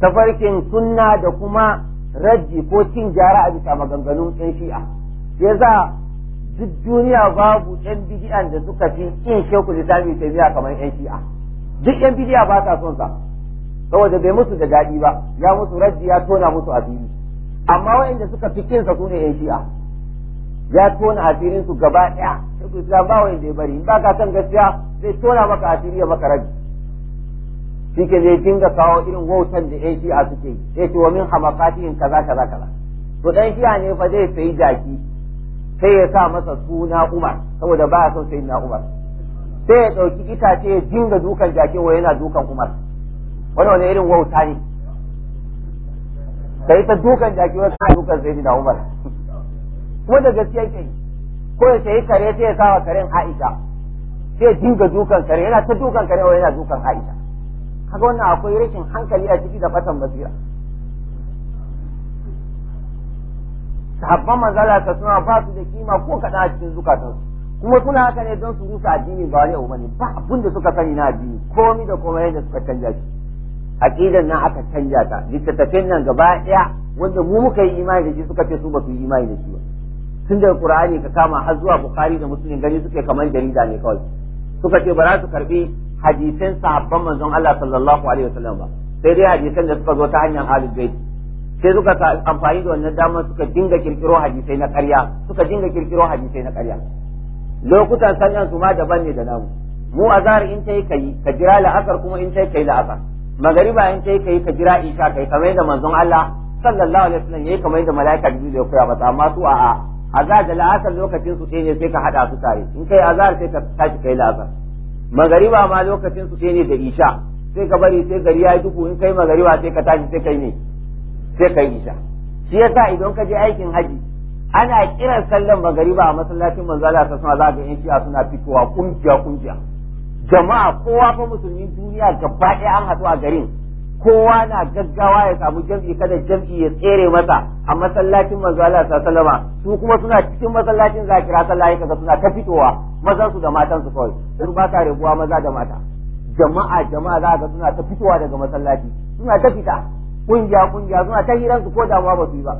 Speaker 1: tafarkin sunna da kuma raddi ko cin gyara a bisa maganganun yan shi'a ya za duk duniya babu yan bidiyan da suka fi kin shehu ta biya kamar yan shi'a duk yan bidi'a ba sa son sa saboda bai musu da daɗi ba ya musu rajji ya tona musu asiri amma waɗanda suka fi kinsa su ne yan shi'a ya tona asirin su gaba ɗaya shehu islam ba wanda ya bari in ba ka san gaskiya zai tona maka asiri ya maka rajji shi ke zai dinga kawo irin wautan da yan shi'a suke yi sai ce wa min kaza kaza kaza to dan shi'a ne fa zai sayi jaki sai ya sa masa suna Umar saboda ba ya son sai na Umar sai ya ɗauki itace ya dinga dukan jakin wa yana dukan Umar wani wani irin wauta ne sai ta dukan jakin wa sai dukan sai na Umar kuma da gaskiya ke ko ya sai kare sai ya sa wa karen Aisha sai ya dinga dukan kare yana ta dukan kare wa yana dukan Aisha kaga wannan akwai rashin hankali a ciki da fatan basira sahabban manzala ta suna ba su da kima ko kaɗan a cikin zukatansu kuma suna haka ne don su rusa addini ba wani umarni ba abin da suka sani na addini komi da komai yadda suka canja shi aqidan nan aka canja ta littattafin nan gaba ɗaya wanda mu muka yi imani da shi suka ce su ba su yi imani da shi ba tun daga qur'ani ka kama har zuwa bukhari da muslim gani suke kamar jarida ne kawai suka ce ba za su karbi hadisan sahabban manzon Allah sallallahu alaihi wasallam ba sai dai hadisan da suka zo ta hanyar ahlul sai suka amfani da wannan damar suka dinga kirkiro hadisai na ƙarya suka dinga kirkiro hadisai na ƙarya lokutan sanyan su ma daban ne da namu mu azhar in tayi kai ka jira la'asar kuma in tayi kai la'asar magariba in tayi kai ka jira isha kai kamar da manzon Allah sallallahu alaihi wasallam yayi kamar da malaika da ya koya masa amma su a'a azhar da la'asar lokacin su ne sai ka hada su tare in kai azhar sai ka tashi kai la'asar magariba ma lokacin su ne da isha sai ka bari sai gari ya duhu in kai magariba sai ka tashi sai kai ne sai kai isha shi yasa idan ka je aikin haji ana kiran sallan magariba a masallacin manzo Allah ta sama zaka yan shi'a suna fitowa kungiya kungiya jama'a kowa fa musulmin duniya gaba ɗaya an haɗu a garin kowa na gaggawa ya samu jam'i kada jam'i ya tsere masa a masallacin manzo Allah sallama su kuma suna cikin masallacin za kira sallah kaga suna ta fitowa mazan su da matan su kawai sun ba ta rabuwa maza da mata jama'a jama'a za ga suna ta fitowa daga masallaci suna ta fita kungiya kungiya suna ta hiran su ko damuwa ba su yi ba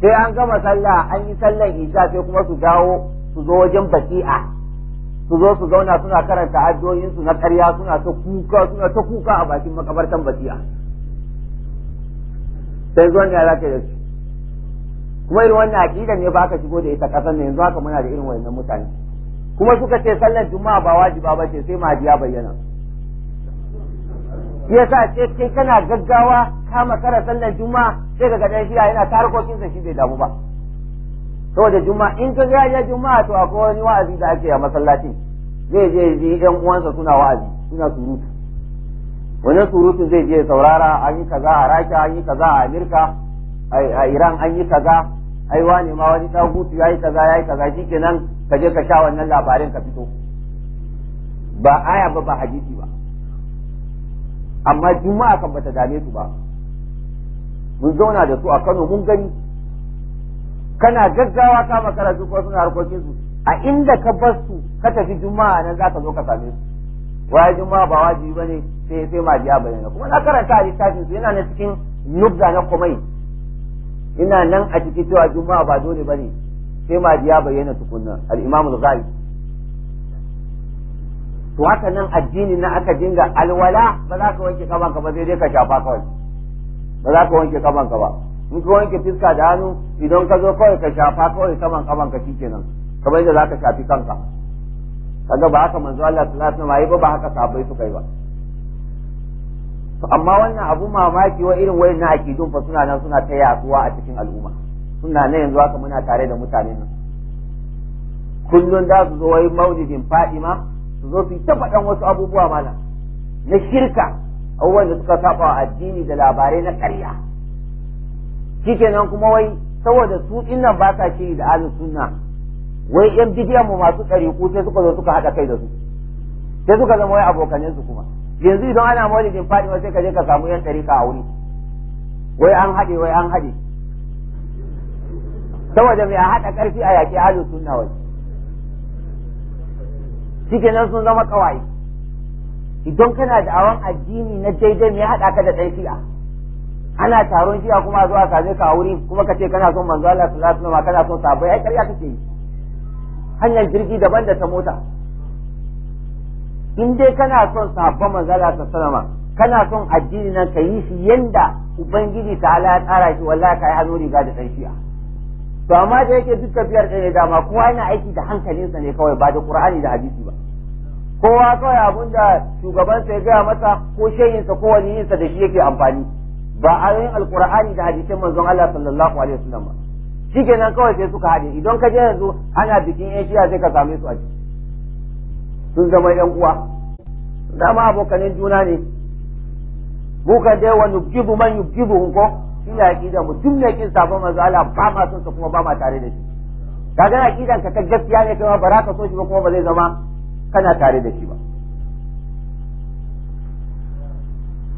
Speaker 1: sai an gama sallah an yi sallan isha sai kuma su dawo su zo wajen baki'a su zo su zauna suna karanta addoyin su na karya suna ta kuka suna ta kuka a bakin makabartan baki'a sai zuwan ya zaka da su kuma irin wannan aqida ne ba ka shigo da ita ƙasar ne yanzu haka muna da irin wannan mutane kuma suka ce sallar juma'a ba wajiba ba ce sai mahadi ya bayyana shi yasa ce kai kana gaggawa ka makara sallar Juma sai ga dan shiya yana tarkokin sa shi bai damu ba saboda Juma in ka ga ya juma'a to akwai wani wa'azi da ake a masallacin zai je ji yan uwansa suna wa'azi suna surutu wani surutu zai je saurara an yi kaza a rasha an yi kaza a amurka a iran an yi kaza ai wani ma wani Hutu ya yi kaza ya yi kaza shikenan ka je ka sha wannan labarin ka fito ba aya ba ba hadisi ba amma juma'a kan bata dame su ba mun zauna da su a Kano mun gani kana gaggawa ka su ko suna harkokin su a inda ka bar su ka tafi juma'a nan zaka zo ka same su waye juma'a ba wajibi bane sai sai ma jiya bayyana kuma na karanta a littafin su yana na cikin nubda na komai ina nan a cikin cewa juma'a ba dole bane sai ma jiya bayyana tukunna al-imamul ghaib to haka nan addini na aka dinga alwala ba za ka wanke kaban ka ba zai dai ka shafa kawai ba za ka wanke kaban ka ba in ka wanke fiska da hannu idan ka zo kawai ka shafa kawai saman kaban ka shikenan kamar yadda za ka shafi kanka kaga ba haka manzo Allah sallallahu alaihi wasallam ba ba haka sahabbai suka yi ba amma wannan abu mamaki wa irin wayin na akidun fa suna nan suna ta yatsuwa a cikin al'umma suna nan yanzu haka muna tare da mutanen nan kullun da su zo wai maulidin Fadima su zo su yi ta faɗan wasu abubuwa mana na shirka abubuwan da suka saba wa addini da labarai na ƙarya kenan kuma wai saboda su dinnan ba sa shiri da alin sunna wai yan bidiyan mu masu ku sai suka zo suka haɗa kai da su sai suka zama wai abokanin su kuma yanzu idan ana maulidin faɗi sai ka je ka samu yan ɗariƙa a wuri wai an haɗe wai an haɗe saboda mai a haɗa ƙarfi a yaƙi alin sunna wai nan sun zama kawaye idan kana da awan addini na daidai me haɗa ka da ɗan shi'a ana taron shi'a kuma zuwa kaje ka a wuri kuma ka ce kana son manzo Allah sallallahu alaihi wasallam kana son sabai ai ƙarya kake yi hanyar jirgi daban da ta mota in dai kana son sahabban manzo Allah sallallahu alaihi kana son addini nan ka yi shi yanda ubangiji ta ala ya tsara shi wallahi ka yi hannu riga da ɗan shi'a to amma da yake duk tafiyar ɗaya ne dama kowa yana aiki da hankalinsa ne kawai ba da qur'ani da hadisi kowa kawai abun da shugabansa ya gaya masa ko shehinsa ko wani yinsa da shi yake amfani ba a yin alkur'ani da hadisin manzon Allah sallallahu alaihi wasallam ba shikenan kawai sai suka haɗe idan ka je yanzu ana bikin yan shiya sai ka same su a ciki sun zama yan uwa dama abokanin juna ne bukan dai wani yujibu man yujibu ko shi ne aqida mu ne kin sabon manzo Allah ba ma son sa kuma ba ma tare da shi kaga aqidan ka ka gaskiya ne kuma ba za ka so shi ba kuma ba zai zama kana tare da shi ba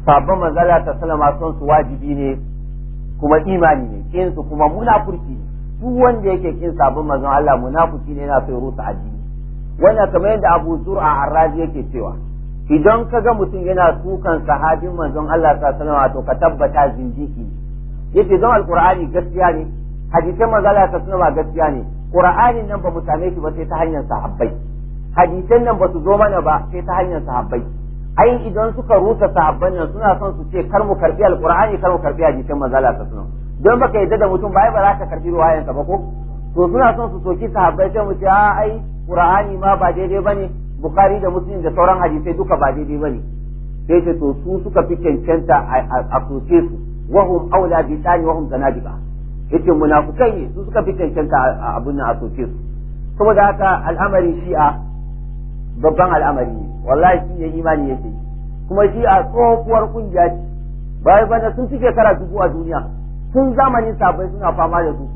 Speaker 1: sabon manzala ta salama son su wajibi ne kuma imani ne kin su kuma munafurci ne duk wanda yake kin sabon manzon Allah munafurci ne yana so ya rusa addini wannan kamar yadda Abu Zur'a Arrazi yake cewa idan ka ga mutum yana sukan sahabin manzon Allah ta salama to ka tabbata zindiki ne yace don alqur'ani gaskiya ne hadisan manzala ta salama gaskiya ne qur'anin nan ba mu same shi ba sai ta hanyar sahabbai hadisan nan ba su zo mana ba sai ta hanyar sahabbai ai idan suka rusa sahabban nan suna son su ce kar mu karbi alqur'ani kar mu karbi hadisan manzo ta sunan don baka yadda da mutum ba ba za ka karbi ruwayan ba ko to suna son su soki sahabbai sai mu ce a ai qur'ani ma ba daidai bane bukhari da muslim da sauran hadisai duka ba daidai bane sai ce to su suka fi cancanta a soke su wahum aula bi tani wahum zanadiba yace munafukai ne su suka fi cancanta abun nan a soke su saboda haka al'amari shi'a babban al'amari ne wallahi shi ne imani yake kuma shi a tsohuwar kungiya ce bayan bana sun cike kara dubu a duniya Sun zamanin sabai suna fama da su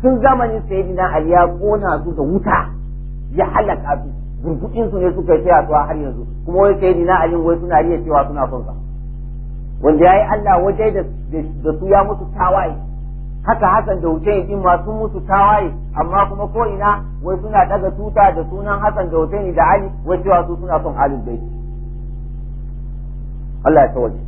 Speaker 1: Sun zamanin sayyidina ali ya kona su da wuta ya halaka su gurgudin su ne suka yi tsawa har yanzu kuma wai sayyidina ali wai suna riya cewa suna son sa wanda yayi Allah waje da su ya mutu tawaye haka Hassan da Hussein din ma sun musu tawaye amma kuma ko ina wai suna daga tuta da sunan Hassan da Hussein da Ali wai cewa su suna son Ahlul Bait Allah ya tawaje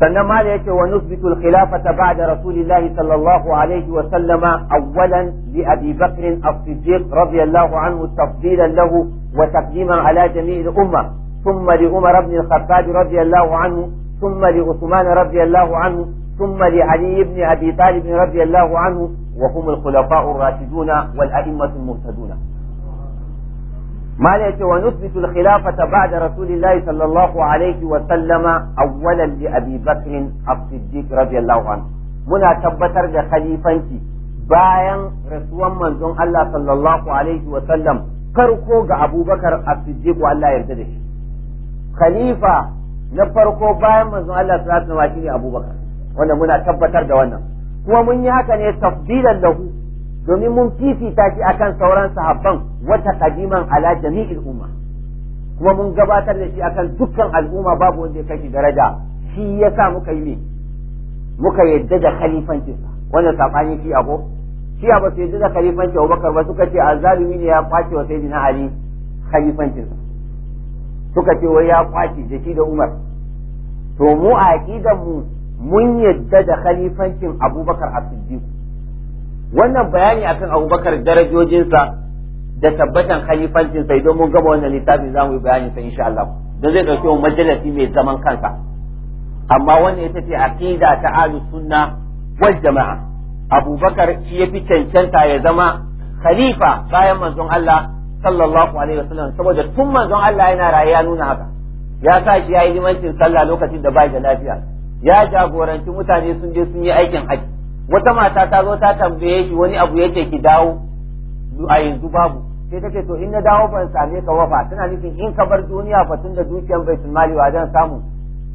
Speaker 1: sannan ma da yake wa nusbitu al-khilafata ba'da rasulillahi sallallahu alaihi wa sallama awwalan li Abi Bakr as-Siddiq radiyallahu anhu tafdilan lahu wa taqdiman ala jami'il umma ثم Umar بن الخطاب رضي الله anhu ثم لعثمان رضي الله anhu. ثم لعلي بن أبي طالب رضي الله عنه وهم الخلفاء الراشدون والأئمة المهتدون ما ليت ونثبت الخلافة بعد رسول الله صلى الله عليه وسلم أولا لأبي بكر الصديق رضي الله عنه muna tabbatar da khalifanci bayan rasuwan manzon Allah sallallahu alaihi wa sallam farko ga abubakar as-siddiq Allah yarda da shi khalifa na farko bayan manzon Allah sallallahu alaihi wa abubakar wannan muna tabbatar da wannan kuma mun yi haka ne tafdilan lahu domin mun fifita shi akan sauran sahabban wata kadiman ala jami'il umma kuma mun gabatar da shi akan dukkan al'umma babu wanda ya kashi daraja shi yasa muka yi ne muka yadda da khalifancinsa wannan sabani shi ako shi ba su yadda da khalifancin Abubakar ba suka ce azalimi ne ya kwace wa sayyidina Ali khalifancinsa suka ce wai ya kwace da shi da Umar to mu a aqidan mu mun yadda da khalifancin abubakar as-siddiq wannan bayani akan abubakar darajojinsa da tabbatan khalifancin sai don mun gama wannan littafin za mu yi bayani sa insha Allah don zai ɗauke mu majalisi mai zaman kansa amma wannan ita ce aqida ta ahlus sunna wal jama'a abubakar shi yafi cancanta ya zama khalifa bayan manzon Allah sallallahu alaihi wasallam saboda tun manzon Allah yana raye ya nuna haka ya sa shi yayi limancin sallah lokacin da bai da lafiya ya jagoranci mutane sun je sun yi aikin haji wata mata ta zo ta tambaye shi wani abu yake ki dawo a yanzu babu sai ta ce to in na dawo ban same ka wafa tana nufin in ka bar duniya fa tun da bai tun mali wajen zan samu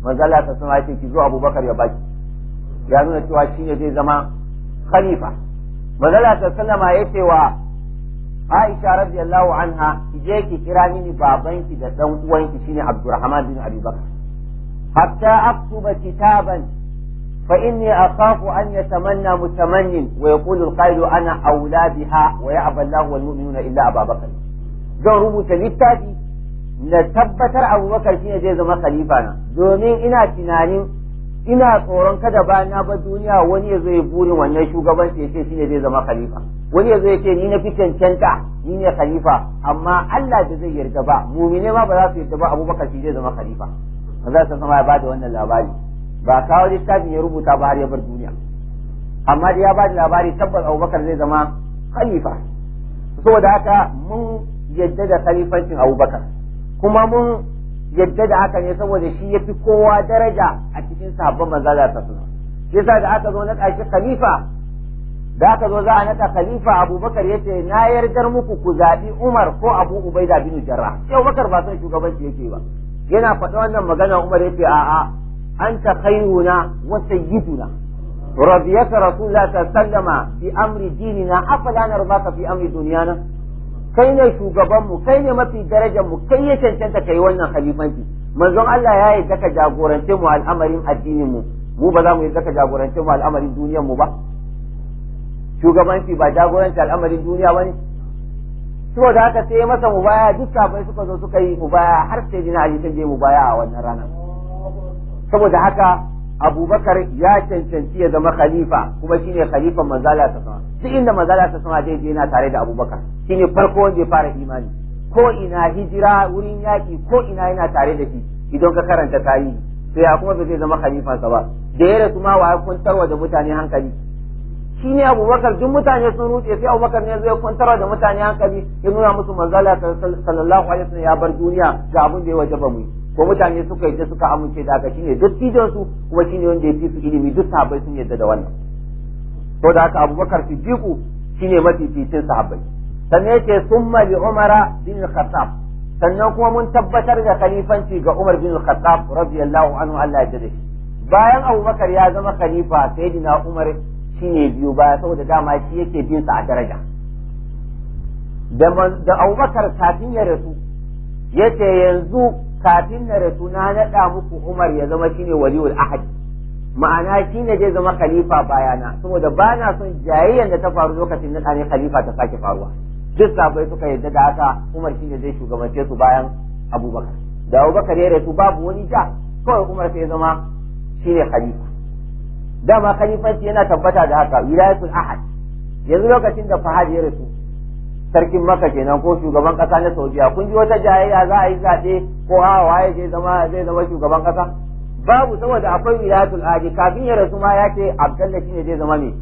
Speaker 1: mazala ta sama ce ki zo Abubakar ya baki ya nuna cewa shi ne zai zama khalifa manzo ta sallama ce wa Aisha radiyallahu anha ki je ki kira mini babanki da dan uwanki shine abdulrahman bin abubakar. حتى أكتب كتابا فإني أخاف أن يتمنى متمن ويقول القائل أنا أولى بها ويعبى الله والمؤمنون إلا أبا بكر zan rubuta littafi na tabbatar abubakar shine zai zama khalifa na domin ina tunanin ina tsoron kada ba na ba duniya wani ya zo ya burin wannan shugabanci ya ce shine zai zama khalifa wani ya zo ya ce ni na fi cancanta ni ne khalifa amma Allah da zai yarda ba muminai ma ba za su yarda ba abubakar shi zai zama khalifa maza sun sama ya da wannan labari ba kawo littafin ya rubuta ba har ya bar duniya amma da ya bada labari tabbas abubakar zai zama khalifa saboda haka mun yadda da khalifancin abubakar kuma mun yadda da haka ne saboda shi ya fi kowa daraja a cikin sabon maza da ta suna yasa da aka zo na ƙarshe khalifa da aka zo za a naɗa khalifa abubakar ya ce na yardar muku ku zaɓi umar ko abu ubaida bin jarra yau bakar ba son shugabanci yake ba yana faɗa wannan magana Umar yace a'a anta khayruna wa sayyiduna radiyaka rasulullah sallama fi amri dinina afala narbaka fi amri dunyana kai ne shugaban mu kai ne mafi darajar mu kai ya cancanta kai wannan khalifanci manzon Allah ya yi ka jagorance mu al'amarin addinin mu mu ba za mu yi ka jagorance mu al'amarin duniyar mu ba shugabanci ba jagoranci al'amarin duniya bane saboda haka sai masa mubaya duk sabai suka zo suka yi mubaya har sai dina ali ta je mubaya a wannan rana saboda haka abubakar ya cancanci ya zama khalifa kuma shine khalifan manzala ta sama duk inda manzala ta sama zai je yana tare da abubakar shine farko wanda ya fara imani ko ina hijira wurin yaki ko ina yana tare da shi idan ka karanta tarihi to ya kuma ba zai zama sa ba da ya rasu ma wa kuntarwa da mutane hankali shi ne abubakar duk mutane sun rutse sai abubakar ne zai kwantar da mutane hankali ya nuna musu manzala sallallahu alaihi wasallam ya bar duniya ga abin da ya wajaba mu ko mutane suka yi suka amince da haka shine dattijan su kuma shine wanda ya fi su ilimi duk sahabbai sun yarda da wannan to da haka abubakar siddiqu shine mafificin sahabbai sannan yake summa li umara bin khattab sannan kuma mun tabbatar da khalifanci ga Umar bin Khattab radiyallahu anhu Allah ya jade bayan Abubakar ya zama khalifa sayyidina Umar shi ne biyu ba saboda dama shi yake bin sa a daraja da abubakar kafin ya rasu yace yanzu kafin na rasu na naɗa muku umar ya zama shine waliul ahad ma'ana shi ne zai zama khalifa bayana saboda ba na son jayayyar da ta faru lokacin na ne khalifa ta sake faruwa duk sabai suka yarda da haka umar shi ne zai shugabance su bayan abubakar da abubakar ya rasu babu wani ja kawai umar sai ya zama shine khalifa dama khalifanci yana tabbata da haka wilayatul ahad yanzu lokacin da fahad ya rasu sarkin maka kenan ko shugaban kasa na saudiya kun ji wata jayayya za a yi zaɓe ko a waye zai zama zai zama shugaban kasa babu saboda akwai wilayatul ahad kafin ya rasu ma yake ce abdalla shine zai zama me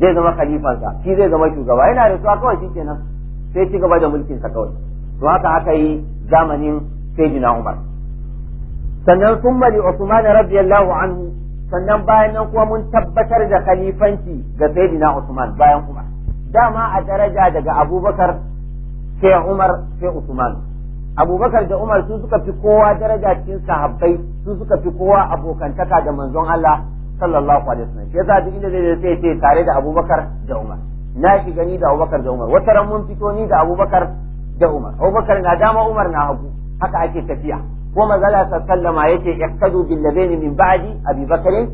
Speaker 1: zai zama khalifansa shi zai zama shugaba yana rasuwa kawai shi kenan sai ci gaba da mulkin sa kawai to haka aka yi zamanin sayyidina umar sannan summa li usman radiyallahu anhu sannan bayan nan kuma mun tabbatar da khalifanci ga sayyidina Usman bayan Umar dama a daraja daga Abubakar sai Umar sai Usman Abubakar da Umar su suka fi kowa daraja cikin sahabbai su suka fi kowa abokantaka da manzon Allah sallallahu alaihi wasallam shi yasa duk inda zai sai sai tare da Abubakar da Umar na shiga ni da Abubakar da Umar wata ran mun fito ni da Abubakar da Umar Abubakar na dama Umar na hagu haka ake tafiya ko za ta sallama ya yace ihtadu bil ne min ba'di abi bakr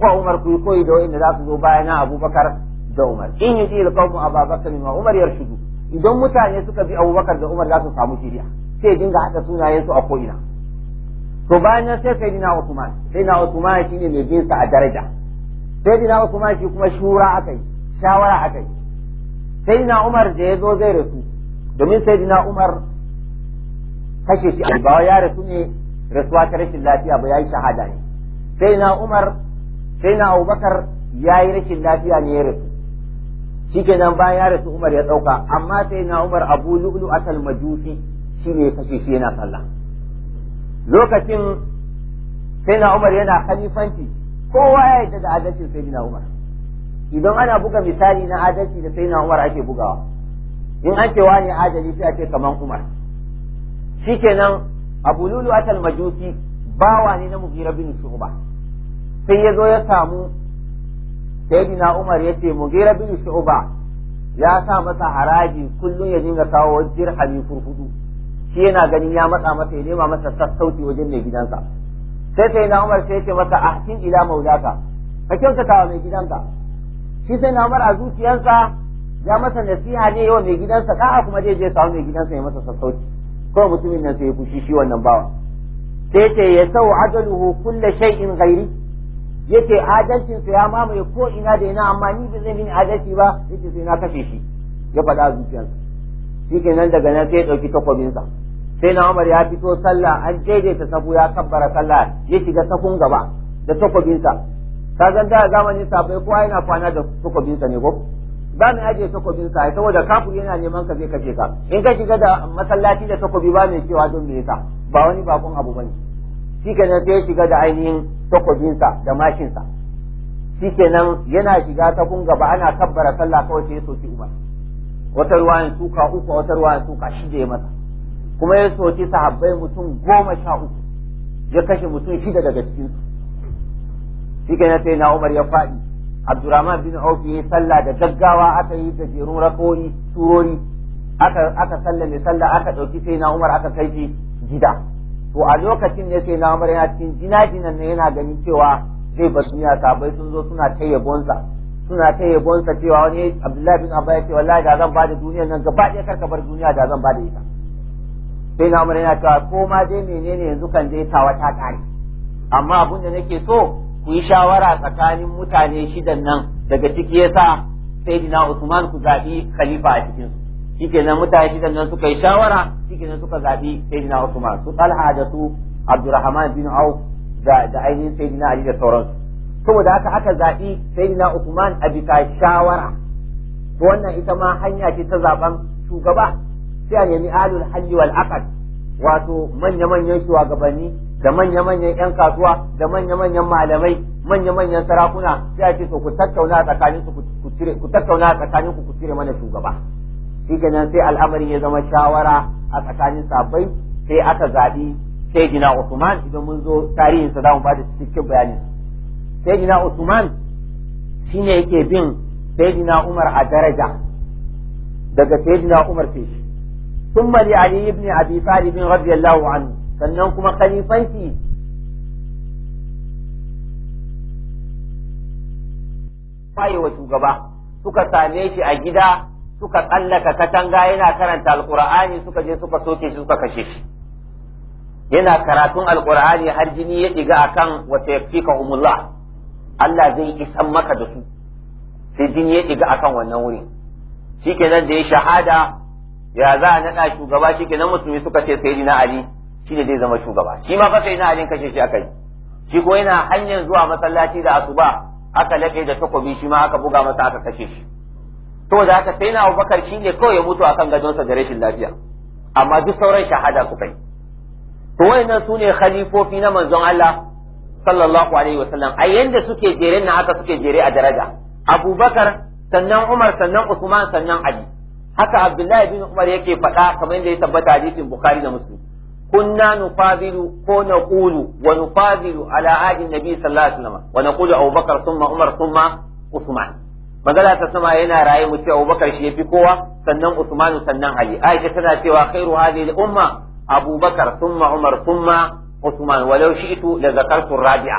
Speaker 1: wa umar ku koyi da wanda za su zo bayana abubakar da umar in yudi al qawmu ababakar wa umar yarshudu idan mutane suka bi abubakar da umar za su samu shiriya sai dinga hada sunayen su a ko ina to bayan sai sai dina Uthman sai na Uthman shine mai bin sa a daraja sai dina Uthman shi kuma shura akai shawara akai sai na Umar da ya zo zai rasu domin sai dina Umar kashe shi albawa ya rasu ne rasuwa ta rashin lafiya ba ya yi shahada ne sai na Umar sai na Abubakar ya yi rashin lafiya ne ya rasu shi nan bayan ya rasu Umar ya dauka amma sai na Umar Abu Lu'lu atal Majusi shine kashe shi yana sallah lokacin sai na Umar yana khalifanci kowa ya yi da adalcin sai na Umar idan ana buga misali na adalci da sai na Umar ake bugawa in an cewa ne adali sai a ce kaman Umar shikenan abu lulu atal majusi bawa ne na mugira bin shu'ba sai ya zo ya samu sayyidina umar ya ce mugira bin shu'ba ya sa masa haraji kullum ya dinga kawo dirhami furfudu shi yana ganin ya matsa masa ya nema masa sassauci wajen mai gidansa sai sai na umar sai ya ce masa cikin ila maulaka ka kyautata wa mai gidanka shi sai na umar a zuciyarsa ya masa nasiha ne yawa mai gidansa ka'a kuma zai je samu mai gidansa ya masa sassauci kawai mutumin nan sai ya fushi shi wannan bawa sai ce ya sau adaluhu kulla shay'in ghairi yace adalcin sa ya mamaye ko ina da ina amma ni ba zan yi adalci ba yace sai na kashe shi ya faɗa zuciyarsa shikenan daga nan sai ya dauki takobin sa sai na Umar ya fito sallah an daidaita sabu ya kabbara sallah ya shiga safun gaba da takobin sa ka ga da zamanin safai kowa yana kwana da takobin sa ne ko ba mai ajiye takobin sa saboda kafin yana neman ka zai kashe ka in ka shiga da masallaci da takobi ba mai cewa don me yasa ba wani bakon abu bane kenan sai ya shiga da ainihin takobin sa da mashin sa kenan yana shiga ta kun gaba ana kabbara sallah kawai sai ya soki uba wata ruwa ruwayan suka uku wata ruwa ruwayan suka shida ya masa kuma ya soki sahabbai mutum goma sha uku ya kashe mutum shida daga cikin su kenan sai na Umar ya faɗi abdurrahman bin auf sallah da gaggawa aka yi da jerun rakori turori aka aka ne sallah aka dauki sai na umar aka kai shi gida to a lokacin ne sai na umar yana cikin jinajinan ne yana ganin cewa zai bar duniya sabai sun zo suna ta yabonsa suna ta yabonsa cewa wani abdullahi bin abba ya ce wallahi da zan bada duniya nan gaba ɗaya kar ka bar duniya da zan bada ita sai na umar yana cewa ko ma dai menene yanzu kan dai tawa ta kare amma abun da nake so ku yi shawara tsakanin mutane shidan nan daga ciki yasa dina Usman ku zabi khalifa a cikin su shikenan mutane shidan nan suka yi shawara shikenan suka zabi dina Usman su Talha da su Abdurrahman bin Auf da da ainihin dina Ali da sauransu saboda haka aka zabi saidina Usman a bisa shawara to wannan ita ma hanya ce ta zaben shugaba sai a nemi alul halli wal aqd wato manya manyan shugabanni da manya-manyan 'yan kasuwa da manya-manyan malamai manya-manyan sarakuna sai a ce ku tattauna tsakanin ku cire tsakanin ku cire mana shugaba shikenan sai al'amari ya zama shawara a tsakanin sabai sai aka zaɓi sai gina Usman idan mun zo tarihin sa zamu bada cikakken bayani sai gina Usman shine yake bin gina Umar a daraja daga gina Umar sai shi ثم لعلي بن ابي طالب رضي الله عنه sannan kuma khalifanci wa shugaba suka same shi a gida suka tsallaka katanga yana karanta alkur'ani suka je suka soke shi suka kashe shi yana karatun alkur'ani har jini ya diga akan wata yafika umullah Allah zai isan maka da su sai jini ya diga akan wannan wuri shikenan da ya shahada ya za a naɗa shugaba shikenan musulmi suka ce sayyidina ali shi ne zai zama shugaba shi ma fa sai na alin kashe shi aka yi shi ko yana hanyar zuwa masallaci da asuba aka laƙe da takobi shi ma aka buga masa aka kashe shi to da aka sai na abubakar shi ne kawai ya mutu a akan gadonsa da rashin lafiya amma duk sauran shahada suka yi to wayannan su ne khalifofi na manzon Allah sallallahu alaihi wasallam a yanda suke jere na haka suke jere a daraja abubakar sannan umar sannan usman sannan ali haka abdullahi bin umar yake faɗa kamar yadda ya tabbata hadisin bukhari da muslim kunna nuqabilu ko naqulu wa nuqabilu ala ahdi nabi sallallahu alaihi wasallam wa naqulu abubakar thumma umar thumma usman magana ta sama yana raye mu ce abubakar shi yafi kowa sannan usmanu sannan ali aisha tana cewa khairu hadhihi al-umma abubakar thumma umar thumma usman walau shi'tu la zakartu rabi'a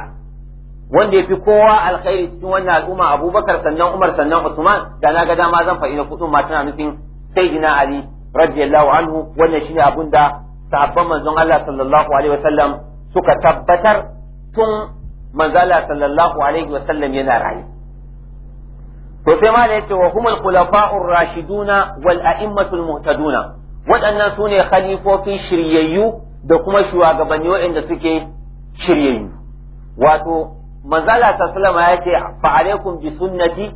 Speaker 1: wanda yafi kowa alkhairi cikin wannan al'umma abubakar sannan umar sannan usman da na ga dama zan fa'ina kudin ma tana nufin sayyidina ali radiyallahu anhu wannan shine abun da sahabban manzon Allah sallallahu alaihi wasallam suka tabbatar tun manzon Allah sallallahu alaihi wasallam yana raye to sai ma ce yace wa humul khulafa'ur rashiduna wal a'immatul muhtaduna waɗannan sune khalifofi shiryayyu da kuma shugabanni waɗanda suke shiryayyu wato manzon Allah sallallahu alaihi ya ce fa alaikum bi sunnati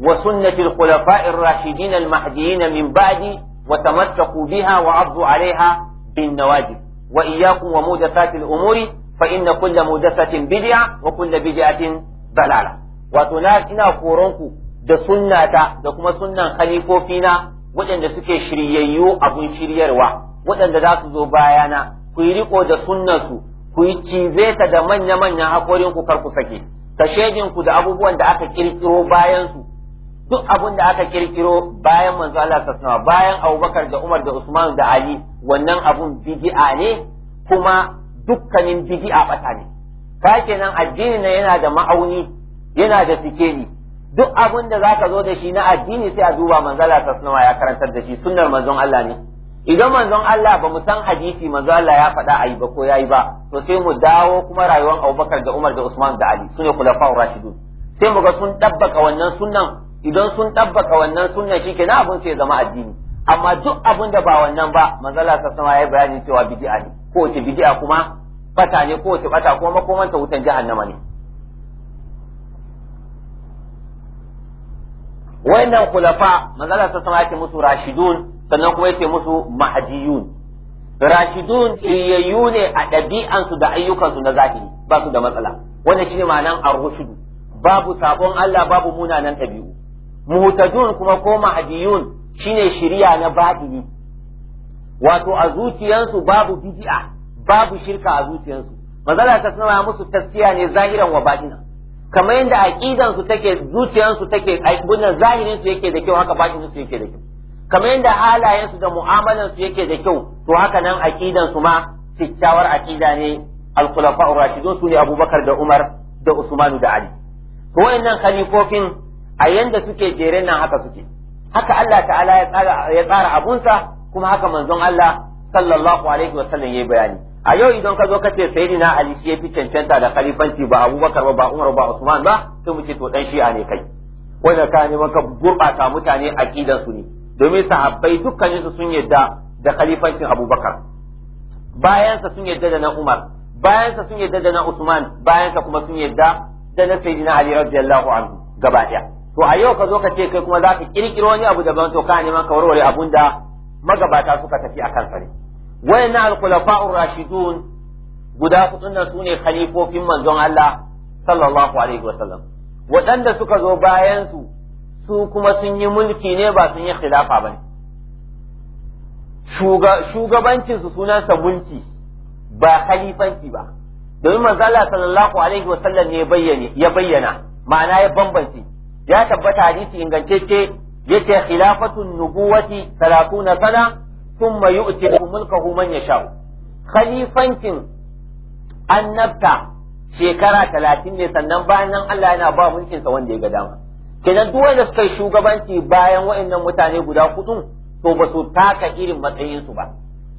Speaker 1: wa sunnati al khulafa'ir rashidin al mahdiyyin min ba'di biha wa وعضوا عليها wa umuri وإياكم ومودثات الأمور فإن كل a بدعة وكل بدعة ضلالة وتنال ina koronku da sunnata da kuma sunnan na waɗanda suke shiryayyu abun shiryarwa waɗanda za su zo bayana ku yi riko da sunnansu ku yi cize ta da manya-manyan haƙorin kar ku sake ta ku da abubuwan da aka ƙirƙiro bayansu duk abun da aka kirkiro bayan manzo Allah sallallahu bayan Abubakar da Umar da Usman da Ali wannan abun bid'a ne kuma dukkanin bid'a bata ne ka kenan addini ne yana da ma'auni yana da sikeli duk abun da zaka zo da shi na addini sai a duba manzo Allah sallallahu ya karantar da shi sunnar manzon Allah ne idan manzon Allah ba mu san hadisi manzo Allah ya faɗa ayi ba ko yayi ba to sai mu dawo kuma rayuwar Abubakar da Umar da Usman da Ali sune khulafa'ur rashidun sai mu ga sun dabbaka wannan sunnan idan sun ɗabbaka wannan sunna shi kenan abin sai zama addini amma duk abin da ba wannan ba manzala sa sama ya bayani cewa bid'a ne wace bid'a kuma bata ne ko wace bata kuma makomanta wutan jahannama ne wayannan kulafa manzala sa sama yake musu rashidun sannan kuma yake musu mahajiyun rashidun tsiyayyu ne a ɗabi'ansu da ayyukansu na zahiri ba su da matsala wannan shine ma'anan ar babu sabon Allah babu munanan ɗabi'u muhtadun kuma ko mahdiyun shine shiriya na batini wato a zuciyansu babu bid'a babu shirka a zuciyansu manzala ta sanar musu taskiya ne zahiran wa batina kamar yadda aqidan su take zuciyan su take aibunan zahirin su yake da kyau haka batinin su yake da kyau kamar yadda halayen su da mu'amalan su yake da kyau to haka nan aqidan su ma kyakkyawar aqida ne al-khulafa ar-rashidun su ne Abubakar da Umar da Usman da Ali to wayannan khalifofin a yanda suke jere nan haka suke haka Allah ta'ala ya tsara abunsa kuma haka manzon Allah sallallahu alaihi wasallam yayi bayani a yau idan ka zo ka ce sayyidina Ali shi yafi cancanta da khalifanci ba Abubakar ba ba Umar ba Usman ba sai mu ce to dan shi'a ne kai wanda ka ne maka gurbata mutane aqidan su ne domin sahabbai dukkanin su sun yadda da khalifancin Abubakar bayansa sun yadda da na Umar bayansa sun yadda da na Usman bayansa kuma sun yadda da na Sayyidina Ali radiyallahu anhu gaba daya to a yau ka zo ka ce kai kuma za ka kirkiro wani abu daban to ka neman ka warware abun da magabata suka tafi a kansa ne na al-khulafa'ur rashidun guda kudin nan su ne khalifofin manzon Allah sallallahu alaihi wasallam waɗanda suka zo bayan su su kuma sun yi mulki ne ba sun yi khilafa ne. shugabancin su sunansa mulki ba khalifanci ba domin manzon Allah sallallahu alaihi wasallam ne ya bayyana ma'ana ya bambance ya tabbata hadisi ingantacce yace khilafatun nubuwati 30 sana thumma yu'ti mulkahu man yasha khalifancin annabta shekara talatin ne sannan bayan nan Allah yana ba mulkin sa wanda ya ga dama kenan duk wanda suka shugabanci bayan wayannan mutane guda hudu to ba su taka irin matsayin su ba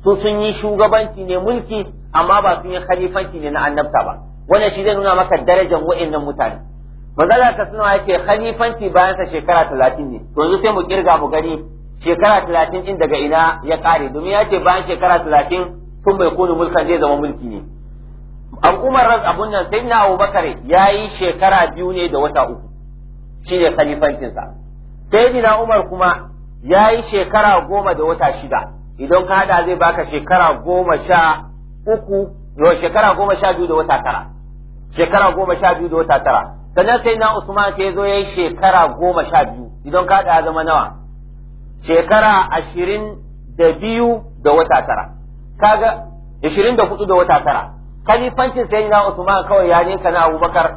Speaker 1: su sun yi shugabanci ne mulki amma ba sun yi khalifanci ne na annabta ba wannan shi zai nuna maka darajar wayannan mutane manzala ka suna yake khalifanci bayan sa shekara talatin ne to yanzu sai mu kirga mu gani shekara talatin din daga ina ya kare domin ya ce bayan shekara talatin tun bai kunu mulkan zai zama mulki ne an umar ran abun nan sai na abubakar ya yi shekara biyu ne da wata uku shine khalifancinsa sai na umar kuma ya yi shekara goma da wata shida idan ka hada zai baka shekara goma sha uku shekara goma sha biyu da wata tara shekara goma sha biyu da wata tara sannan sai na Usman sai zo yayi shekara goma sha biyu idan ka da zama nawa shekara ashirin da biyu da wata tara kaga ashirin da hudu da wata tara kalifancin sai na Usman kawai ya ninka na Abubakar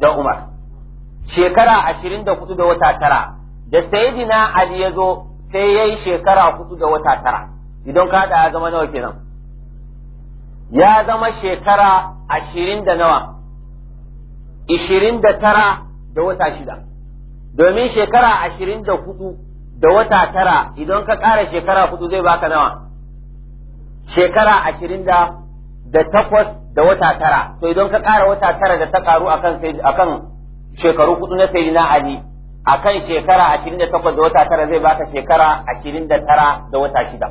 Speaker 1: da Umar shekara ashirin da hudu da wata tara da sayidina Ali ya zo sai yayi shekara hudu da wata tara idan ka da zama nawa kenan ya zama shekara ashirin da nawa ishirin da tara da wata shida domin shekara ashirin da hudu da wata tara idan ka ƙara shekara hudu zai baka nawa shekara ashirin da da takwas da wata tara to idan ka ƙara wata tara da ta ƙaru akan shekaru hudu na na ali akan shekara ashirin da takwas da wata tara zai baka shekara ashirin da tara da wata shida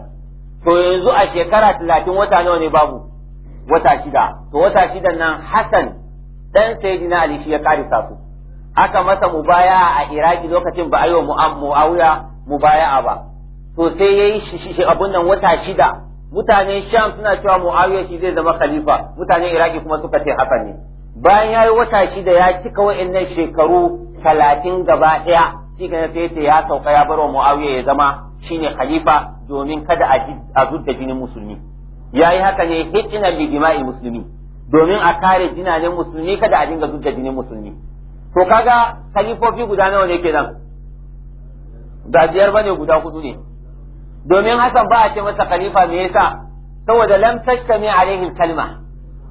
Speaker 1: to yanzu a shekara talatin wata nawa ne babu wata shida to wata shidan nan Hassan dan sayyidina ali shi ya karisa su aka masa mubaya a iraki lokacin ba a yi wa mu'awiya mubaya ba to sai ya yi abun nan wata shida mutane sham suna cewa mu'awiya shi zai zama khalifa mutane iraki kuma suka ce haka ne bayan yayi wata shida ya cika wa'annan shekaru talatin gaba ɗaya shi ne sai ce ya sauka ya bar wa mu'awiya ya zama shine khalifa domin kada a zudda jinin musulmi yayi haka ne hikina li dima'i musulmi domin a kare jinanen musulmi kada a dinga zubda jinin musulmi to kaga kalifofi guda nawa ne kenan ba biyar bane guda hudu ne domin hasan ba a ce masa khalifa me yasa saboda lam tashtami alaihi kalma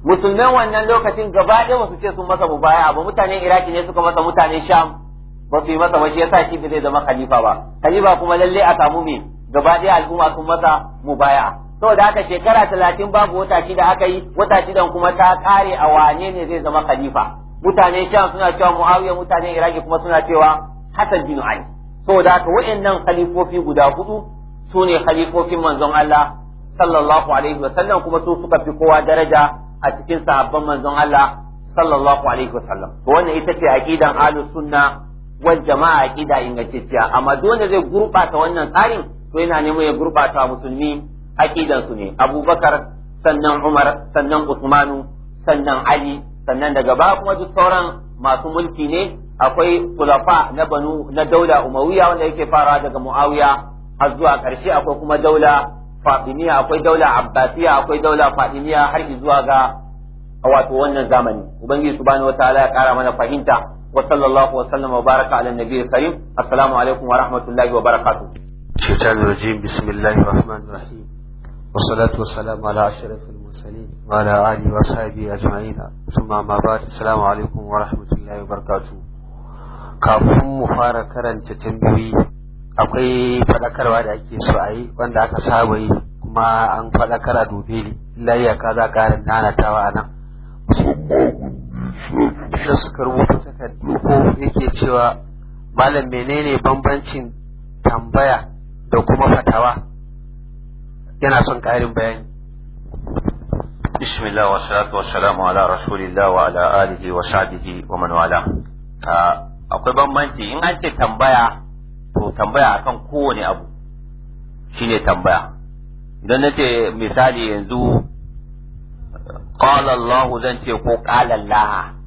Speaker 1: musulman wannan lokacin gaba ɗaya wasu ce sun masa mubaya ba mutanen iraki ne suka masa mutanen sham ba su yi masa ba shi yasa shi ba zai zama khalifa ba khalifa kuma lalle a samu me gaba ɗaya al'umma sun masa mubaya saboda haka shekara talatin babu wata shida aka yi wata shidan kuma ta kare a wane ne zai zama khalifa mutane sham suna cewa muawiya mutane iraki kuma suna cewa hasan bin ali saboda haka wa'annan khalifofi guda hudu su ne khalifofin manzon Allah sallallahu alaihi wasallam kuma su suka fi kowa daraja a cikin sahabban manzon Allah sallallahu alaihi wasallam to wannan ita ce aqidan ahlus sunna wal jama'a aqida ingantacciya amma dole zai gurbata wannan tsarin to yana neman ya gurbata musulmi aqidansu ne abubakar sannan umar sannan usmanu sannan ali sannan daga ba kuma duk sauran masu mulki ne akwai kulafa na banu na daula umawiya wanda yake farawa daga muawiya har zuwa ƙarshe akwai kuma daula fatimiya akwai daula abbasiya akwai daula fatimiya har zuwa ga wato wannan zamani ubangiji subhanahu wataala ya kara mana fahimta wa sallallahu wa sallama wa baraka ala nabiyyi karim assalamu alaikum wa rahmatullahi
Speaker 2: wa barakatuh shaitanir rajim bismillahir rahmanir rahim والصلاة والسلام على أشرف المرسلين وعلى آله وصحبه أجمعين ثم ما بعد السلام عليكم ورحمة الله وبركاته kafin mu fara karanta tambayoyi akwai faɗakarwa da ake so a yi wanda aka saba yi kuma an faɗakar a dobe ne layya ka za ka rin nanatawa a nan da suka rubuta takardu ko yake cewa malam menene bambancin tambaya da kuma fatawa yana son ƙarin bayani bismillah wa salatu wa salamu ala rasulillah wa ala alihi wa
Speaker 1: sahbihi wa man wala akwai bambanci in an ce tambaya to tambaya akan kowane abu shine tambaya idan ce misali yanzu qala Allah zan ce ko qala Allah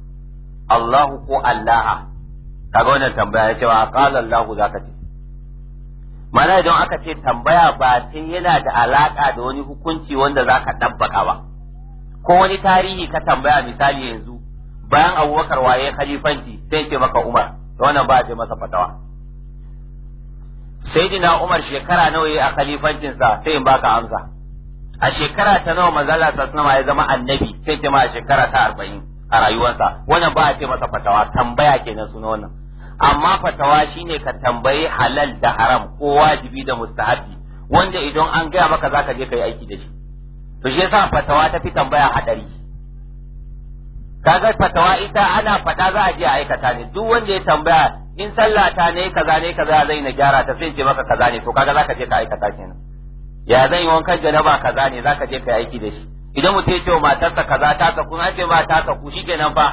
Speaker 1: Allah ko Allah kaga wannan tambaya ce wa qala Allah zaka ce mana idan aka ce tambaya ba sai yana da alaka da wani hukunci wanda za ka ɗabbaka ba ko wani tarihi ka tambaya misali yanzu bayan abubakar waye khalifanci sai ce maka umar to wannan ba a ce masa fatawa sayyidina umar shekara nawa yayi a khalifancinsa sai in baka amsa a shekara ta nawa manzala sallallahu alaihi ya zama annabi sai ce ma a shekara ta 40 a rayuwarsa wannan ba a ce masa fatawa tambaya kenan suna wannan
Speaker 2: amma fatawa
Speaker 1: shine ka tambayi halal da haram ko wajibi da mustahabi wanda idan an gaya maka zaka je kai aiki da shi to shi yasa fatawa ta fi tambaya hadari kaga fatawa ita ana fada za a je a aikata ne duk wanda ya tambaya in sallah ta ne kaza ne kaza zai na gyara ta sai ce maka kaza ne to kaga zaka je ka aikata kenan ya zan yi wankan janaba kaza ne zaka je kai aiki da shi idan mutum ya ce matarsa kaza ta saku kun ce ma ta saku shikenan fa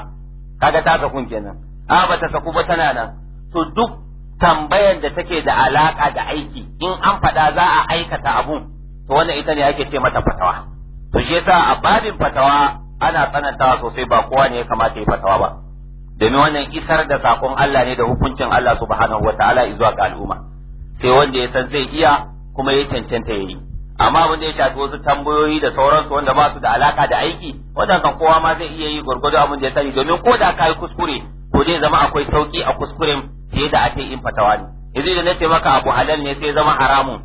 Speaker 1: kaga ta kun kenan a bata saku ba tana nan to duk tambayar da take da alaka da aiki in an faɗa za a aikata abun to wannan ita ne ake ce mata fatawa to shi yasa a babin fatawa ana tsanantawa sosai ba kowa ne ya kamata ya fatawa ba domin wannan isar da sakon Allah ne da hukuncin Allah subhanahu wataala zuwa ga al'umma sai wanda ya san zai iya kuma ya cancanta yayi amma abin da ya shafi wasu tambayoyi da sauransu wanda ba su da alaka da aiki wanda kan kowa ma zai iya yi gurgudu abin da ya sani domin ko da ka yi kuskure ko zai zama akwai sauki a kuskuren fiye da ake yin fatawa ne yanzu da nace maka abu halal ne sai zama haramun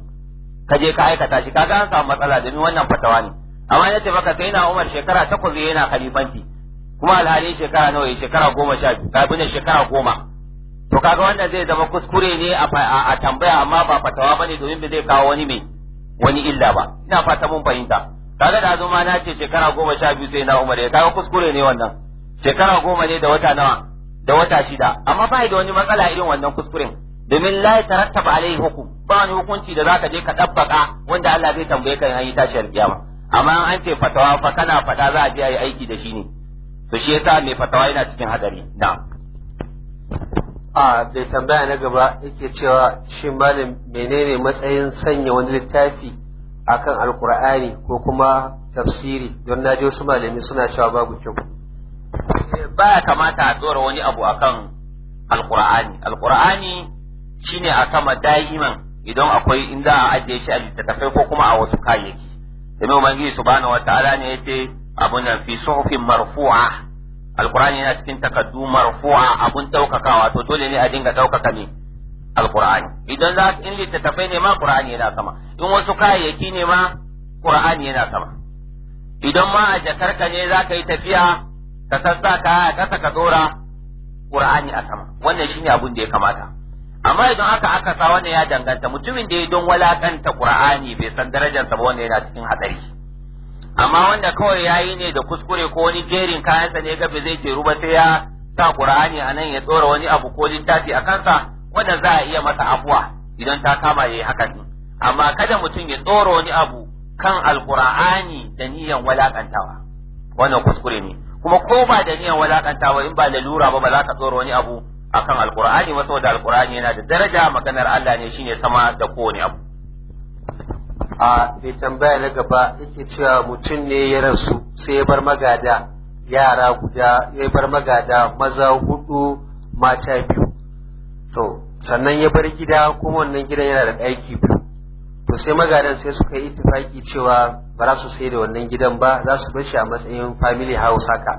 Speaker 1: ka je ka aikata shi kaga an samu matsala domin wannan fatawa ne amma nace maka sai na Umar shekara takwas yana kalifanti. kuma alhali shekara nawa shekara goma sha biyu kafin shekara goma to kaga wannan zai zama kuskure ne a tambaya amma ba fatawa bane domin ba zai kawo wani mai wani illa ba ina fata mun fahimta kaga da zo ma na ce shekara goma sha biyu sai na Umar ya kaga kuskure ne wannan shekara goma ne da wata nawa da wata shida amma ba da wani matsala irin wannan kuskuren domin la tarattaba alaihi hukum ba wani hukunci da zaka je ka dabbaka wanda Allah zai tambaye ka yayin tashiyar kiyama amma an ce fatawa fa kana fada za a je yi aiki da shi ne to shi yasa mai fatawa yana cikin hadari
Speaker 2: da a bai tambaya na gaba yake cewa shin malam menene matsayin sanya wani littafi akan alkur'ani ko kuma tafsiri don na je wasu malami suna cewa babu kyau
Speaker 1: Eh, ba ya kamata a tsora wani abu akan alkur'ani shi shine a sama da'iman idan akwai inda a ajiye shi a littattafai ko kuma a wasu kayayyaki domin ubangiji subhanahu wataala ne yace abu nan fi suhufin marfu'a alkur'ani yana cikin takaddu marfu'a abun daukakawa to dole ne a dinga daukaka ne alkur'ani idan za in littattafai ne ma qur'ani yana sama in wasu kayayyaki ne ma qur'ani yana sama idan ma a jakarka ne za ka yi tafiya ka sassa kaya a ƙasa ka dora Qur'ani a sama wannan shine abun da ya kamata amma idan aka aka sa wannan ya danganta mutumin da ya don walakanta ƙur'ani bai san darajarsa ba wannan yana cikin hatsari amma wanda kawai ya yi ne da kuskure ko wani jerin kayansa ne ga zai jeru ba sai ya sa ƙur'ani a nan ya tsora wani abu ko littafi a kansa wanda za a iya masa afuwa idan ta kama ya yi hakan amma kada mutum ya tsoro wani abu kan alqur'ani da niyan walakantawa wannan kuskure ne kuma ko ba da niyan ba in ba lalura ba ba za ka tsoro wani abu akan alqur'ani ba saboda alqur'ani yana da daraja maganar Allah ne shine
Speaker 2: sama da kowane abu a bai tambaya na gaba yake cewa mutum ne ya rasu sai ya bar magada yara guda ya bar magada maza hudu mata biyu to sannan ya bar gida kuma wannan gidan yana da aiki. biyu to sai magadan sai suka yi itifaki cewa ba za su sai da wannan gidan ba za su bar shi a matsayin family house haka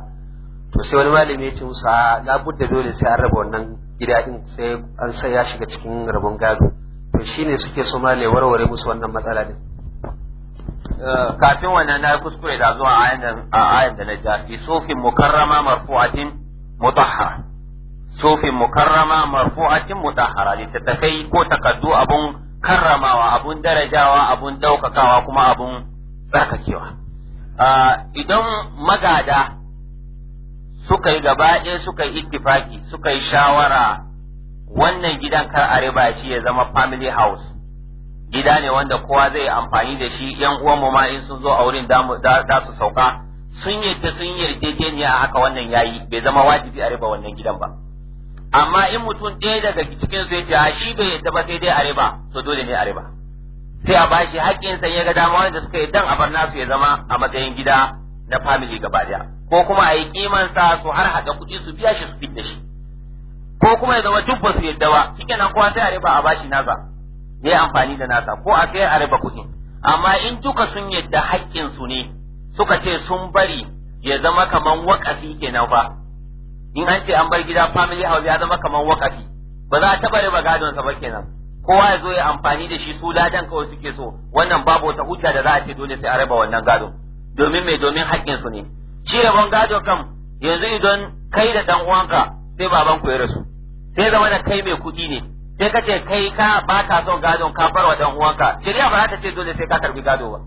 Speaker 2: to sai wani malami ya ce musu a labudda dole sai an raba wannan gida din sai an sai ya shiga cikin rabon gado to shine suke so malai warware musu wannan matsala din
Speaker 1: eh, kafin wannan na kuskure da zuwa a ayan da na ja fi sufin mukarrama marfu'atin mutahhara sufin mukarrama marfu'atin mutahhara littattafai ko takaddu abun karramawa abun darajawa abun daukakawa kuma abun tsarkakewa ah, idan magada suka yi gaba ɗaya suka yi ittifaki suka yi shawara wannan gidan kar a riba shi ya zama family house gida ne wanda kowa zai yi amfani da shi yan uwan mu ma in sun zo a wurin da su sauka sun yi ta sun yarjejeniya a haka wannan yayi bai zama wajibi a riba wannan gidan ba amma in mutum ɗaya daga cikin su yace a shi bai yadda ba sai dai a riba to dole ne a riba sai a bashi haƙƙin sanya ga dama wanda suka yi dan a bar nasu ya zama a matsayin gida na family gaba daya ko kuma a yi kiman sa su har haɗa kuɗi su biya shi su da shi ko kuma ya zama duk ba su yadda ba kenan kowa sai a riba a bashi nasa ya yi amfani da nasa ko a sai a riba kuɗin amma in duka sun yadda haƙƙin su ne suka ce sun bari ya zama kaman waƙafi kenan ba. in an ce an bar gida family house ya zama kamar wakafi ba za a taba riba gadon sa ba kenan kowa ya zo ya amfani da shi su ladan kawai suke so wannan babu wata hujja da za a ce dole sai a raba wannan gado domin mai domin haƙƙin su ne shi rabon gado kam yanzu idan kai da dan uwanka sai baban ku ya rasu sai zama da kai mai kuɗi ne sai kace kai ka ba ka son gadon ka bar wa dan uwanka shari'a ba za ta ce dole sai ka karbi gado ba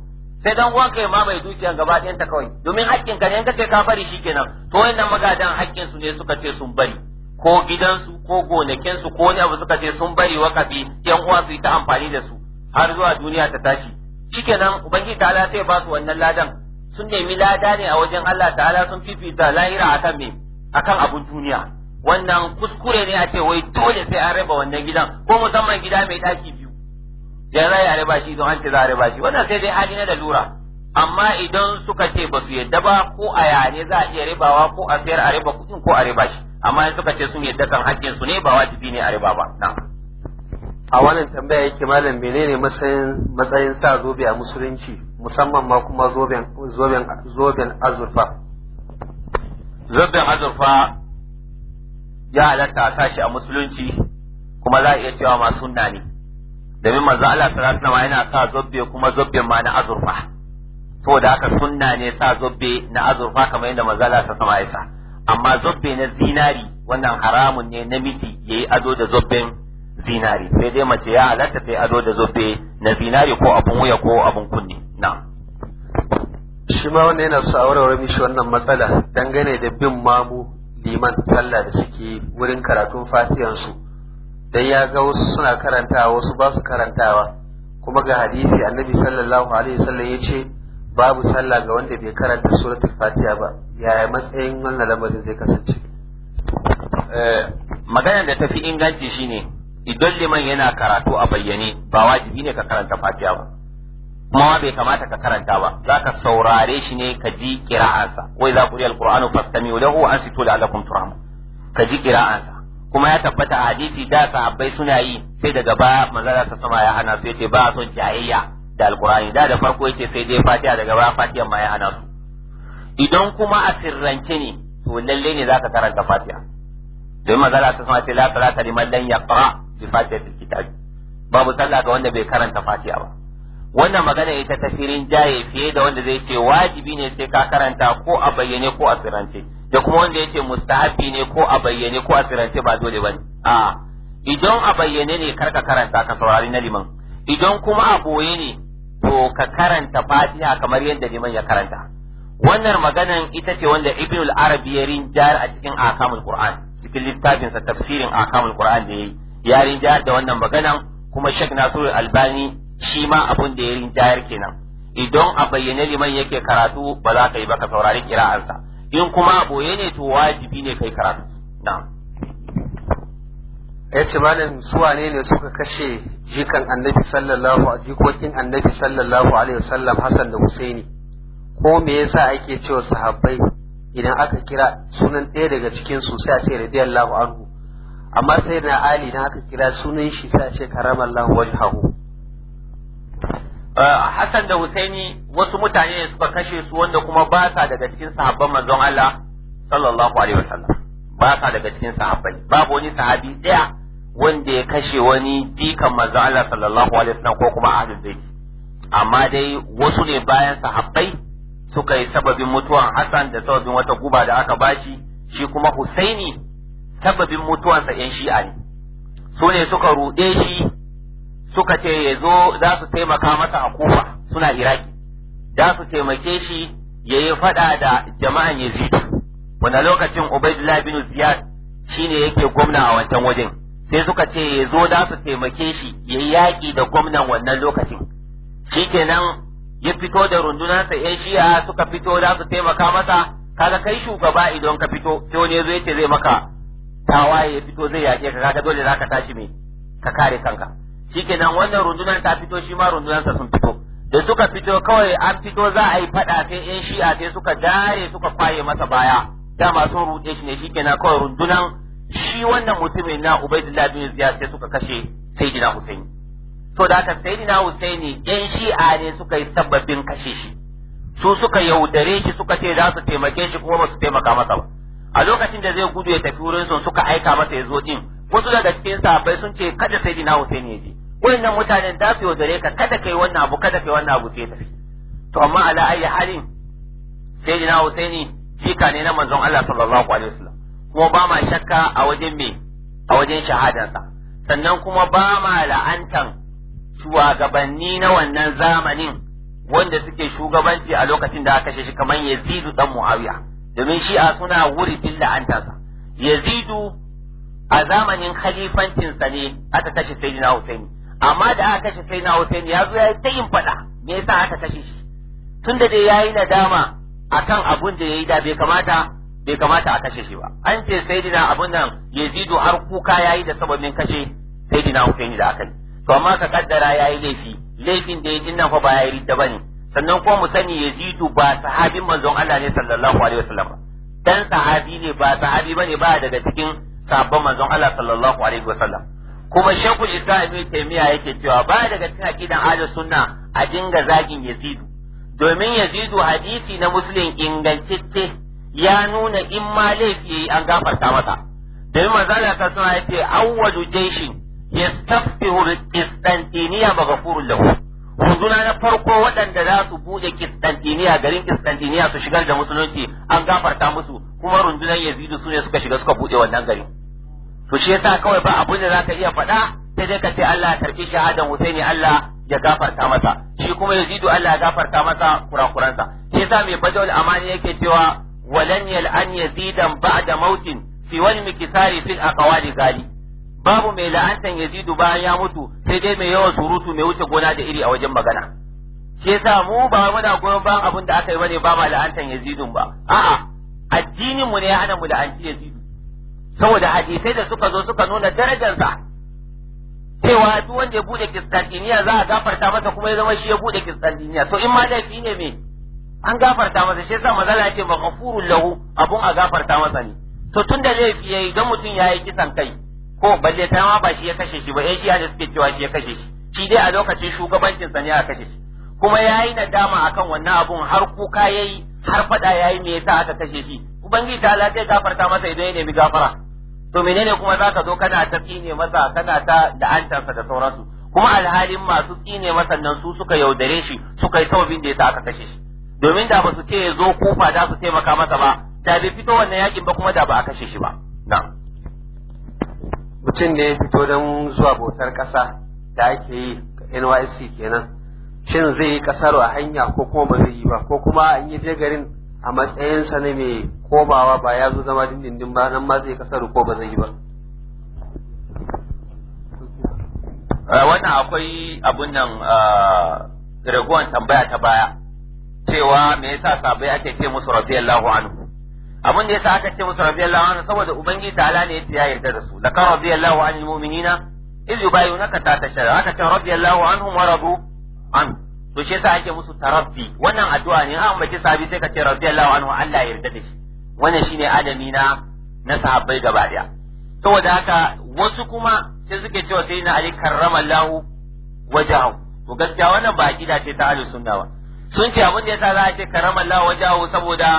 Speaker 1: sai dan uwan kai ma mai dukiya gaba ɗayan ta kawai domin haƙƙin ka ne in kace ka bari shikenan to wayannan magadan hakkin su ne suka ce sun bari ko gidansu ko gonakinsu ko wani abu suka ce sun bari wa wakafi yan uwa su yi ta amfani da su har zuwa duniya ta tashi shikenan ubangiji ala sai ba su wannan ladan sun nemi lada ne a wajen Allah ta'ala sun fifita lahira akan me akan abun duniya wannan kuskure ne a ce wai dole sai an raba wannan gidan ko musamman gida mai daki ya za a riba shi don an za a riba shi wannan sai dai adina na lura amma idan suka ce ba su yadda ba ko a yare za a iya ribawa ko a sayar a riba kuɗin ko a riba shi amma in suka ce sun yadda kan hakkin su ne ba wajibi ne a riba ba na
Speaker 2: a wannan tambaya yake malam menene matsayin matsayin sa zobe a musulunci musamman ma kuma zoben zoben zoben azurfa
Speaker 1: zoben azurfa ya halatta a sashi a musulunci kuma za a iya cewa ma sunna ne domin manzo Allah sallallahu alaihi yana sa zobbe kuma zobben ma na azurfa saboda haka sunna ne sa zobbe na azurfa kamar yadda manzo Allah sallallahu alaihi sa amma zobbe na zinari wannan haramun ne na miji yayi ado da zobben zinari sai dai mace ya halatta
Speaker 2: ta ado da zobbe na zinari ko abun wuya ko abun kunni na shi ma wannan yana sa a mishi wannan matsala dangane da bin mamu liman sallah da suke wurin karatun fatiyansu su dan ya ga wasu suna karantawa wasu ba su karantawa kuma ga hadisi annabi sallallahu alaihi wasallam ya ce babu sallah ga wanda bai karanta suratul fatiha ba yaya matsayin wannan lamarin zai kasance
Speaker 1: eh, magana da tafi inganci shine idan liman yana karatu a bayyane ba wajibi ne ka karanta fatiha ba kuma bai kamata ka karanta ba za ka saurare shi ne ka ji kira'ansa wai za ku yi alkur'anu fastami lahu wa ansitu la'allakum turhamun ka ji kira'ansa kuma ya tabbata a hadisi da sahabbai suna yi sai daga baya manzara sa sama ya hana su yace ba son jayayya da alqur'ani da da farko yace sai dai fatiha daga ba fatiha ma ya hana su idan kuma a sirrance ne to lalle ne zaka karanta fatiha don manzara sa sama ce la salata liman lam yaqra bi fatihatil kitab babu sallah ga wanda bai karanta fatiha ba wannan magana ita ta firin jaye fiye da wanda zai ce wajibi ne sai ka karanta ko a bayyane ko a sirrance da kuma wanda yake mustahabi ne ko a bayyane ko a sirance ba dole bane a idan a bayyane ne karka karanta ka saurari na liman idan kuma a boye ne to ka karanta fatiha kamar yadda liman ya karanta wannan maganan ita ce wanda ibn al-arabi ya rinjar a cikin akamul qur'an cikin littafin sa tafsirin akamul qur'an da yayi ya rinjar da wannan maganan kuma Sheikh Nasiru Albani shi ma abun da ya rinjar kenan idan a bayyane liman yake
Speaker 2: karatu ba za ka yi ba ka saurari kira'arsa in kuma boye ne to wajibi ne kai karatu na ya ce malam suwa ne ne suka kashe jikan annabi sallallahu jikokin annabi sallallahu alaihi wasallam hassan da husaini ko me yasa ake cewa sahabbai idan aka kira sunan ɗaya daga cikin su sai a ce radiyallahu anhu amma sai na ali na aka kira sunan shi sai a ce karamallahu wajhahu
Speaker 1: Eh, Hassan da Husaini wasu mutane ne suka kashe su wanda kuma ba sa daga cikin sahabban manzon Allah sallallahu alaihi wasallam ba sa daga cikin sahabbai babu wani sahabi daya wanda ya kashe wani dikan manzon Allah sallallahu alaihi wasallam ko kuma ahlul bait amma dai wasu ne bayan sahabbai suka yi sababin mutuwan Hassan da sababin wata guba da aka bashi shi kuma Husaini sababin mutuwansa yan shi'a ne su ne suka ruɗe shi suka ce ya zo za su taimaka masa a kufa suna iraki za su taimake shi ya yi fada da jama'an yazid wanda lokacin ubaidullah bin ziyad shine yake gwamna a wancan wajen sai suka ce ya zo za su taimake shi ya yi yaƙi da gwamnan wannan lokacin kenan ya fito da sa yan shi'a suka fito za su taimaka masa kaga kai shugaba idan ka fito sai wani yazo yace zai maka tawaye ya fito zai yaƙe ka kaga dole ka tashi me ka kare kanka shikenan wannan rundunar ta fito shi ma sa sun fito da suka fito kawai an fito za a yi fada sai yan shi'a sai suka dare suka kwaye masa baya dama sun ruɗe shi ne shikenan kawai rundunar shi wannan mutumin na Ubaidullah bin Ziyad sai suka kashe Sayyidina Husaini to da haka Sayyidina Husaini yan shi'a ne suka yi sababbin kashe shi su suka yaudare shi suka ce za su taimake shi kuma ba su taimaka masa ba a lokacin da zai gudu ya tafi wurin sun suka aika masa ya zo din wasu daga cikin sahabbai sun ce kada Sayyidina Husaini ya je wannan mutanen za su yaudare ka kada kai wannan abu kada kai wannan abu sai tafi to amma ala ayi halin sai dina Husaini jika ne na manzon Allah sallallahu alaihi wasallam kuma ba ma shakka a wajen me a wajen shahadarsa sannan kuma ba ma la'antan shugabanni na wannan zamanin wanda suke shugabanci a lokacin da aka kashe shi kamar Yazidu dan Muawiya domin a suna wuri fil la'antarsa Yazidu a zamanin khalifancinsa ne aka kashe Sayyidina Husaini amma da aka kashe sai na Hussein ya zo ya yi ta yin faɗa me yasa aka kashe shi tun da dai yi nadama akan abun da ya yi da bai kamata bai kamata a kashe shi ba an ce dina abun nan zido har kuka ya yi da sababin kashe wuce Hussein da aka yi to amma ka kaddara yi laifi laifin da ya yi nan fa ba ya yi ridda bane sannan kuma mu sani zido ba sahabin manzon Allah ne sallallahu alaihi wasallam dan sahabi ne ba sahabi bane ba daga cikin sahabban manzon Allah sallallahu alaihi wasallam kuma shaku isa ibn taymiya yake cewa ba daga cikin aqidan ahli sunna a dinga zagin yazidu domin yazidu hadisi na muslim ingantacce ya nuna in ma laifi an gafarta masa domin manzo Allah ta suna ya awwalu jayshin yastafihu al-qistantiniya maghfurun lahu huduna na farko waɗanda za su buɗe kistantiniya garin kistantiniya su shigar da musulunci an gafarta musu kuma rundunar yazidu su ne suka shiga suka buɗe wannan garin to shi yasa kawai ba abin da zaka iya faɗa sai dai ka ce Allah ya karbi shahadan Husaini Allah ya gafarta masa shi kuma Yazidu Allah ya gafarta masa kurakuransa shi yasa mai badal amani yake cewa walan yal'an yazidan ba'da mautin fi wal mikisari fil aqwali gali babu mai la'antan Yazidu bayan ya mutu sai dai mai yawan surutu mai wuce gona da iri a wajen magana shi yasa mu ba muna goyon bayan abin da aka yi bane ba ma la'antan Yazidun ba a'a addinin mu ne ya hana mu la'anci Yazidu saboda hadisai da suka zo suka nuna darajarsa cewa duk wanda ya bude kistantiniya za a gafarta masa kuma ya zama shi ya bude kistantiniya to in ma laifi ne me an gafarta masa shi yasa ce yake maghfurul lahu abun a gafarta masa ne to tun da laifi yayi dan mutum yi kisan kai ko balle ta ma ba shi ya kashe shi ba eh shi ya suke cewa shi ya kashe shi shi dai a lokacin shugabancin sa ne a kashe shi kuma yayi nadama akan wannan abun har kuka yayi har fada yayi me yasa aka kashe shi ubangiji ta Allah zai gafarta masa idan ya nemi gafara to menene kuma za ka zo kana ta tsine masa kana ta da'antarsa da sauransu kuma alhalin masu tsine masa su suka yaudare shi suka yi sababin da sa aka kashe shi domin da ba su
Speaker 2: ce zo kufa da su taimaka masa ba da bai fito wannan yakin ba kuma da ba a kashe shi ba na'am mutum ne ya fito don zuwa bautar kasa da ake yi NYC kenan shin zai yi kasar a hanya ko kuma ba zai yi ba ko kuma an yi je garin a matsayinsa ne mai kobawa ba ya zo zama dindindin ba nan ma zai kasa ko ba zai yi ba eh, wannan
Speaker 1: akwai abun nan eh, raguwan tambaya ta baya cewa me yasa sabai ake ce musu radiyallahu anhu abin da yasa aka ce musu radiyallahu anhu saboda ubangiji ala ne ya yarda da su ka radiyallahu anil mu'minina iz yubayunaka ta tashara aka ce radiyallahu anhum wa radu to shi yasa ake musu tarabbi wannan addu'a ne an baki sahabi sai ka ce radiyallahu anhu Allah ya yarda da shi wannan shine adami na na sahabbai gaba daya saboda haka wasu kuma sai suke cewa sai na Ali karramallahu wajahu to gaskiya wannan ba aqida ce ta ahlus sunna ba sun ce abin da yasa za a ce karramallahu wajahu saboda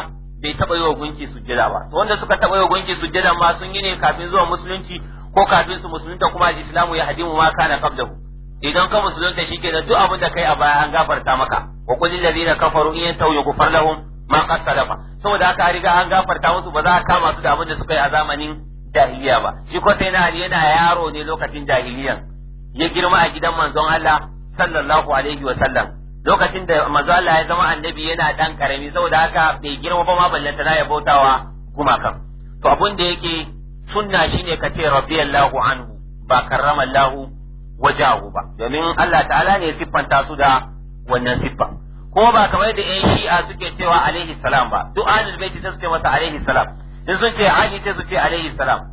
Speaker 1: bai taba yi wa gunki sujjada ba to wanda suka taba yi wa gunki sujjada ma sun yi ne kafin zuwa musulunci ko kafin su musulunta kuma islamu ya hadimu ma kana qablahu idan ka musulunta shi kenan duk abin da kai a baya an gafarta maka wa kulli ladina kafaru in ya gufar lahum ma qasalafa saboda haka a riga an gafarta musu ba za a kama su da abin da suka yi a zamanin jahiliya ba shi ko sai na yana yaro ne lokacin jahiliyan ya girma a gidan manzon Allah sallallahu alaihi wa sallam lokacin da manzon Allah ya zama annabi yana dan karami saboda haka bai girma ba ma ballanta na ya bautawa gumakan to abin da yake sunna shine ka ce rabbiyallahu anhu ba karrama wajahu ba domin Allah ta'ala ne siffanta su da wannan siffa kuma ba kamar da yan shi'a suke cewa alaihi salam ba duk ahlul baiti ta suke masa alaihi salam in sun ce ali ta su ce alaihi salam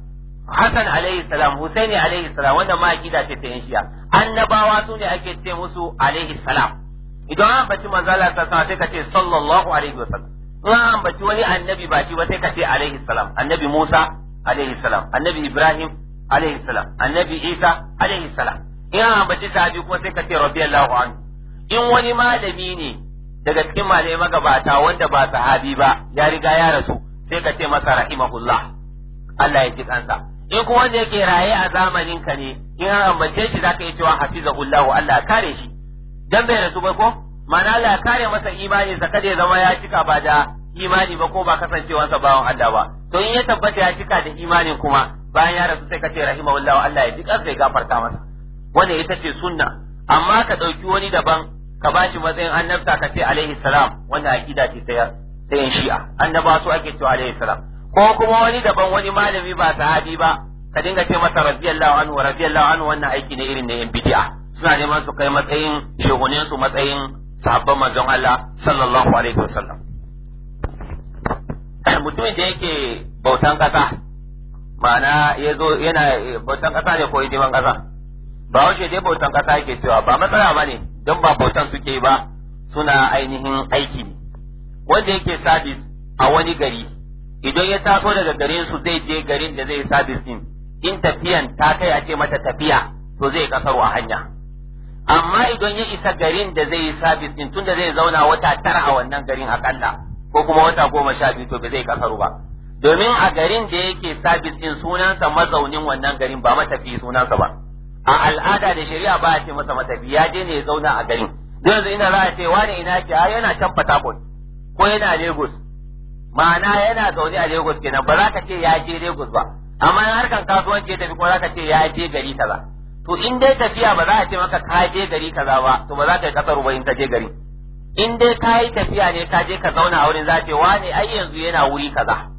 Speaker 1: hasan alaihi salam husaini alaihi salam wannan ma akida ce ta yan shi'a annabawa su ne ake ce musu alaihi salam idan an baci manzo Allah ta sama sai ka ce sallallahu alaihi wasallam in an ambaci wani annabi ba shi ba sai ka ce alaihi salam annabi Musa alaihi salam annabi Ibrahim alaihi salam annabi Isa alaihi salam in an ambaci sahabi kuma sai ka ce radiyallahu an in wani malami ne daga cikin malai magabata wanda ba sahabi ba ya riga ya rasu sai ka ce masa rahimahullah Allah ya ji kansa in kuma wanda yake raye a zamanin ka ne in an ambace shi zaka yi cewa hafizahullahu Allah kare shi dan bai rasu ba ko mana Allah kare masa imani sa kada ya zama ya cika ba da imani ba ko ba kasancewansa bawan Allah ba to in ya tabbata ya cika da imanin kuma bayan ya rasu sai ka ce rahimahullahu Allah ya ji kansa ya gafarta masa wannan ita ce sunna amma ka ɗauki wani daban ka bashi matsayin annabta ka ce alaihi salam wannan aqida ce ta ta yin shi'a annaba su ake cewa alaihi salam ko kuma wani daban wani malami ba sahabi ba ka dinga ce masa radiyallahu anhu radiyallahu anhu wannan aiki ne irin na yan bid'a suna neman su kai matsayin shehunin su matsayin sahabban manzon Allah sallallahu alaihi wasallam mutumin da yake bautan kasa ma'ana ya zo yana bautan kasa ne ko hidiman kasa ba wace dai bautan kasa yake cewa ba matsala ba ne don ba bautan suke ba suna ainihin aiki ne wanda yake sabis a wani gari idan ya taso daga garin su zai je garin da zai sabis din in tafiyan ta kai a ce mata tafiya to zai kasaro a hanya amma idan ya isa garin da zai yi sabis din tunda zai zauna wata tara a wannan garin akalla ko kuma wata goma sha biyu to ba zai kasaro ba domin a garin da yake sabis din sunansa mazaunin wannan garin ba matafi sunansa ba a al'ada da shari'a ba a ce masa matafi ya je ne ya zauna a garin don yanzu ina za a ce wani ina ce a yana can Port ko yana Lagos ma'ana yana zaune a Lagos kenan ba za ka ce ya je Lagos ba amma in harkan kasuwanci ya tafi ko za ka ce ya je gari kaza to in dai tafiya ba za a ce maka ka je gari kaza ba to ba za ka yi kasar ba in ka je gari in dai ka yi tafiya ne ka je ka zauna a wurin za a ce wani ai yanzu yana wuri kaza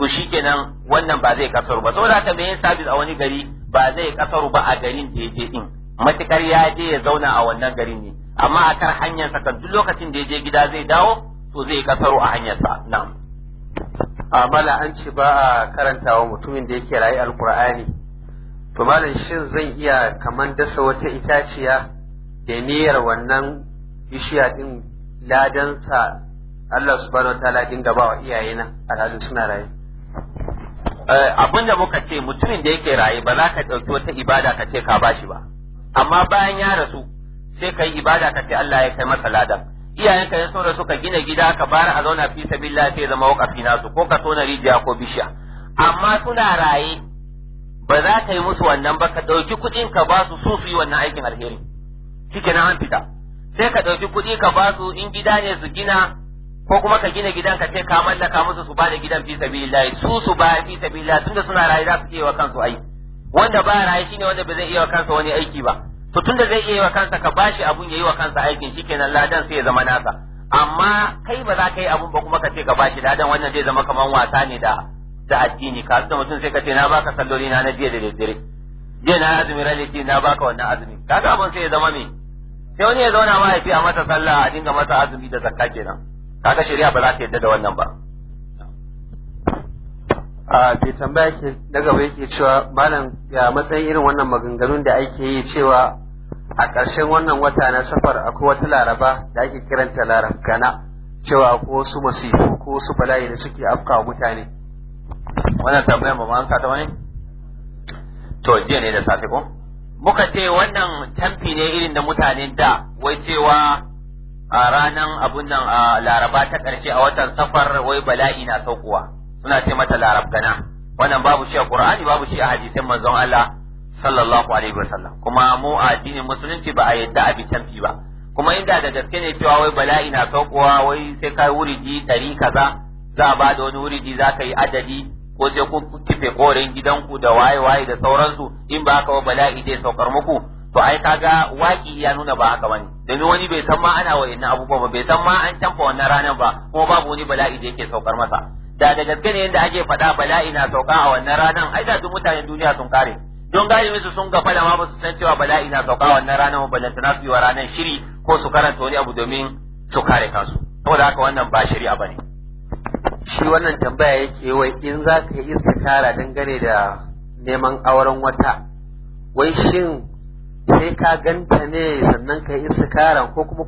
Speaker 1: to shikenan wannan ba zai kasaru ba saboda haka me yin sabis a wani gari ba zai kasaru ba a garin da yaje din matukar ya je ya
Speaker 2: zauna a wannan garin ne amma a kar hanyar sa kan duk lokacin da yaje gida zai dawo to zai kasaru a hanyar sa na'am amala an ce ba a karanta mutumin da yake rayu alqur'ani to malam shin zai iya kaman dasa wata itaciya da niyyar wannan bishiya din ladansa Allah subhanahu wa ta'ala dinga ba wa iyayena alhalin suna rayu Eh, abin da muka
Speaker 1: ce mutumin da yake raye ba za ka ɗauki wata ibada ka ce ka bashi ba amma bayan ya rasu sai ka yi ibada ka ce Allah ya kai masa ladan iyayenka ya sun rasu ka gina gida ka bara a zauna fi sabin sai zama wakafi nasu ko ka tona rijiya ko bishiya amma suna raye ba za ka yi musu wannan ba ka ɗauki kuɗin ka ba su su yi wannan aikin alheri na an fita sai ka ɗauki kuɗi ka ba su in gida ne su gina ko kuma ka gina gidan ka ce ka mallaka musu su bada gidan fi sabilillah su su ba fi sabilillah tunda suna rayuwa za su iya wa kansu aiki wanda ba rayu shine wanda ba zai iya wa kansa wani aiki ba to tunda zai iya wa kansa ka bashi abun yayi wa kansa aikin shikenan ladan sai ya zama nasa amma kai ba za ka yi abun ba kuma ka ce ka bashi ladan wannan zai zama kaman wasa ne da da addini ka san mutum sai ka ce na baka salloli na na jiya da daddare jiya na azumi rani na baka wannan azumi kaga abun sai ya zama me sai wani ya zauna ma ya fi a masa sallah a dinga masa azumi da zakka kenan kaga shari'a ba za
Speaker 2: ta yadda da wannan ba a bai tambaya ke na gaba ke cewa malam ya matsayin irin wannan maganganun da ake yi cewa a ƙarshen wannan wata na safar akwai wata laraba da ake kiranta larabgana cewa ko su masifu ko su bala'i da suke afka wa mutane wannan tambayar ba ma'anka ta wani to jiya ne da safe ko
Speaker 1: muka ce wannan tamfi ne irin da mutane da wai cewa a ranan abun nan a laraba ta ƙarshe a watan safar wai bala'i na saukowa suna ce mata larabgana wannan babu shi a qur'ani babu shi a hadisin manzon Allah sallallahu alaihi wasallam kuma mu a addinin musulunci ba a yadda a bitamfi ba kuma inda da gaske ne cewa wai bala'i na saukowa wai sai kai wuriji tari kaza za a ba da wani ji za ka yi adadi ko sai ku kife koren gidanku da waye waye da sauransu in ba haka wa bala'i zai saukar muku to ai kaga waki ya nuna ba haka bane domin wani bai san ma ana wa'in abubuwa ba bai san ma an canfa wannan ranar ba kuma babu wani bala'i da yake saukar masa da da gaske ne yadda ake faɗa bala'i na sauka a wannan ranar ai da duk mutanen duniya sun kare don galibi su sun gafa da ma ba su san cewa bala'i na sauka a wannan ranar ballantana
Speaker 2: su yi wa ranar shiri ko su karanta wani abu domin su kare kansu saboda haka wannan ba shari'a bane shi wannan tambaya yake wai in za ka yi istikara dangane da neman auren wata wai shin sai ka ganta ne sannan ka yi istikara ko kuma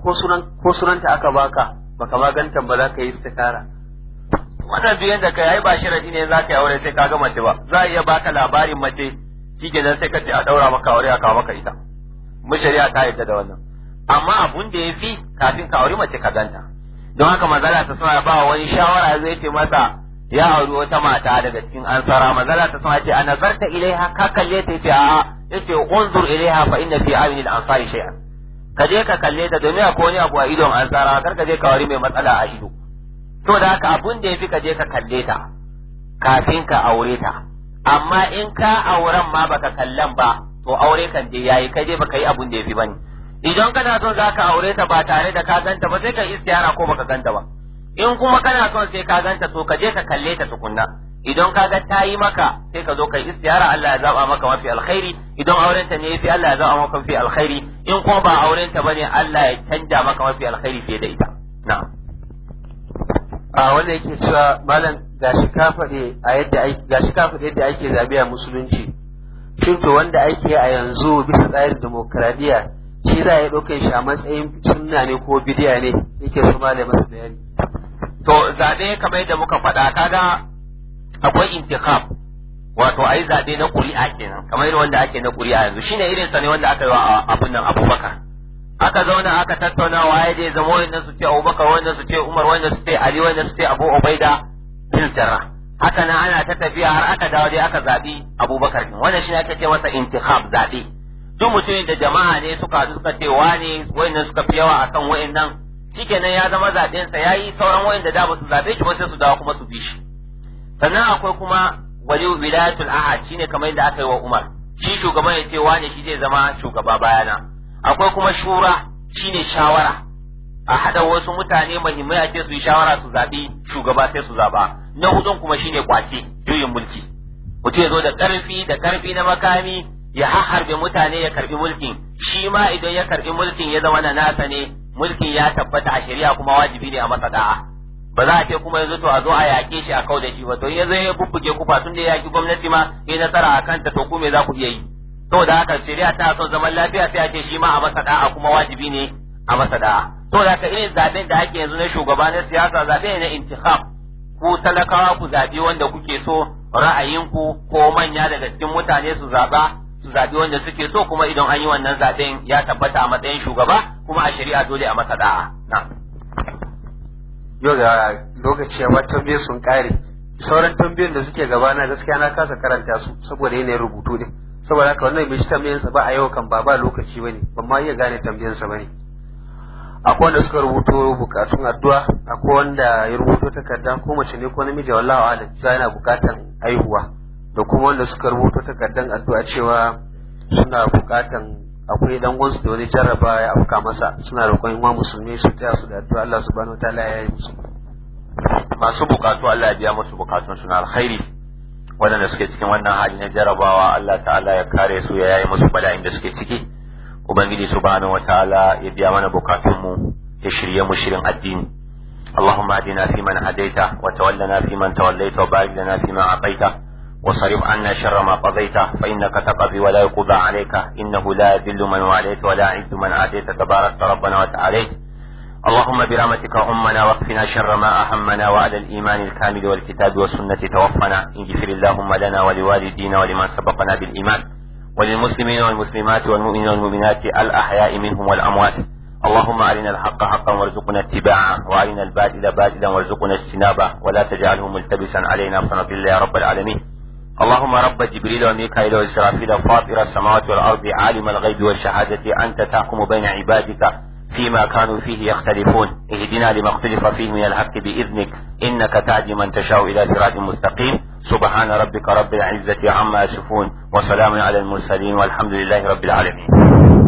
Speaker 2: ko sunanta aka baka baka ma ganta ba za ka yi istikara
Speaker 1: wannan biyan da ka yi ba sharadi ne za ka yi aure sai ka ga mace ba za a iya baka labarin mace shi ke sai ka ce a daura maka aure a kawo maka ita mu shari'a ta yadda da wannan amma abun da ya fi kafin ka aure mace ka ganta don haka mazala ta suna ba wani shawara zai ce masa ya auri wata mata daga cikin ansara mazala ta suna ce a nazarta ilaiha ka kalle ta ce a'a yace unzur ilaiha fa inna fi amin al-ansari shay'an ka je ka kalle ta domin akwai wani abu a idon ansara kar ka je ka wari mai matsala a ido to da haka abun da yafi ka je ka kalle ta kafin ka aure ta amma in ka auren ma baka kallan ba to aure kan je yayi kai je baka yi abun da yafi bane idan kana son zaka aure ta ba tare da ka ganta ba sai ka istiyara ko baka ganta ba in kuma kana son sai ka ganta to ka je ka kalle ta tukunna idan ka ga ta yi maka sai ka zo ka kai istiyara Allah ya zaba maka mafi alkhairi idan auren ta ne yafi Allah ya zaba maka mafi alkhairi in kuma ba
Speaker 2: auren ta bane Allah ya canja maka mafi alkhairi fiye da ita na'am a wanda yake cewa malam gashi ka faɗe a yadda ake gashi ka faɗe yadda ake zabe a musulunci shin to wanda ake a yanzu bisa tsarin demokradiya shi za ya ɗauke shi a matsayin sunna ne ko bidiya ne yake so malam masa bayani to
Speaker 1: zabe kamar yadda muka faɗa kaga akwai intikab wato ayi zabe na ƙuri'a kenan kamar irin wanda ake na ƙuri'a yanzu shine irin sa ne wanda aka yi wa abun nan Abubakar aka zauna aka tattauna waye zai zama wanda su ce Abubakar wanda su ce Umar wanda su ce Ali wanda su ce Abu Ubaida bin Jarra haka nan ana ta tafiya har aka dawo dai aka zabi Abubakar din wannan shine ake ce masa intikab zabe duk mutumin da jama'a ne suka suka ce wani wayannan suka fi yawa akan wayannan shikenan ya zama zaben sa yayi sauran wayanda da ba su zabe shi ba sai su dawo kuma su bi shi sannan akwai kuma wali wilayatul ahad shine kamar yadda aka yi wa Umar shi shugaban ya ce wane shi zai zama shugaba bayana akwai kuma shura
Speaker 2: shine shawara
Speaker 1: a haɗa wasu mutane muhimmai ake su yi shawara su zaɓi shugaba sai su zaba na hudun kuma shine kwace juyin mulki mutum ya zo da ƙarfi da karfi na makami
Speaker 2: ya harbe
Speaker 1: mutane ya karbi mulkin shi ma idan ya karbi mulkin ya zama na nasa ne mulkin ya tabbata a shari'a kuma wajibi ne a masa da'a ba za a ce kuma yanzu to a zo a yaƙe shi a kau da shi ba to yanzu ya bubbuge ku ba tun da ya yaƙi gwamnati ma ya nasara a kanta to ku me za ku iya yi saboda haka shari'a ta son zaman lafiya sai a ce shi ma a masa da'a kuma wajibi ne a masa da'a saboda haka irin zaben da ake yanzu na shugaba na siyasa zabe ne na intikam ku talakawa ku zabi wanda kuke so ra'ayinku ko manya daga cikin mutane su zaba su zabi wanda suke so kuma idan an yi wannan zaben ya tabbata a matsayin
Speaker 2: shugaba kuma a shari'a dole a masa da'a na'am yau da lokaci amma tambayar sun kare sauran tambayar da suke gabana na gaskiya na kasa karanta su saboda yanayin rubutu ne saboda haka wannan bai shi sa ba a yau kan ba ba lokaci bane ban ma iya gane tambayansa bane akwai wanda suka rubuto bukatun addu'a akwai wanda ya rubuto takarda ko mace ne ko namiji wallahu alam cewa yana bukatan aihuwa da kuma wanda suka rubuto takardan addu'a cewa suna bukatan akwai dan gonsu da wani jarraba ya afka masa suna roƙon yan musulmi su taya su da addu'a Allah subhanahu wataala ya yi musu masu bukatu Allah ya biya musu bukatun su na alkhairi waɗanda suke cikin wannan hali na
Speaker 1: jarrabawa Allah ta'ala ya kare su ya yayi musu bala'in da suke ciki ubangiji subhanahu wataala ya biya mana bukatun mu ya shirye mu shirin addini اللهم اهدنا فيمن هديت وتولنا فيمن توليت وبارك لنا فيما اعطيت وصرف عنا شر ما قضيت فإنك تقضي ولا يقضى عليك إنه لا يذل من واليت ولا عز من عاديت تبارك ربنا وتعاليت اللهم برامتك أمنا واقفنا شر ما أهمنا وعلى الإيمان الكامل والكتاب والسنة توفنا اغفر اللهم لنا ولوالدينا ولمن سبقنا بالإيمان وللمسلمين والمسلمات والمؤمنين والمؤمنات الأحياء منهم والأموات اللهم أرنا الحق حقا وارزقنا اتباعه وأرنا الباطل باطلا وارزقنا اجتنابه ولا تجعله ملتبسا علينا فنضل يا رب العالمين اللهم رب جبريل وميكائيل وإسرافيل فاطر السماوات والأرض عالم الغيب والشهادة أنت تحكم بين عبادك فيما كانوا فيه يختلفون اهدنا لما اختلف فيه من الحق بإذنك إنك تهدي من تشاء إلى صراط مستقيم سبحان ربك رب العزة عما
Speaker 2: يصفون وسلام على المرسلين والحمد لله رب العالمين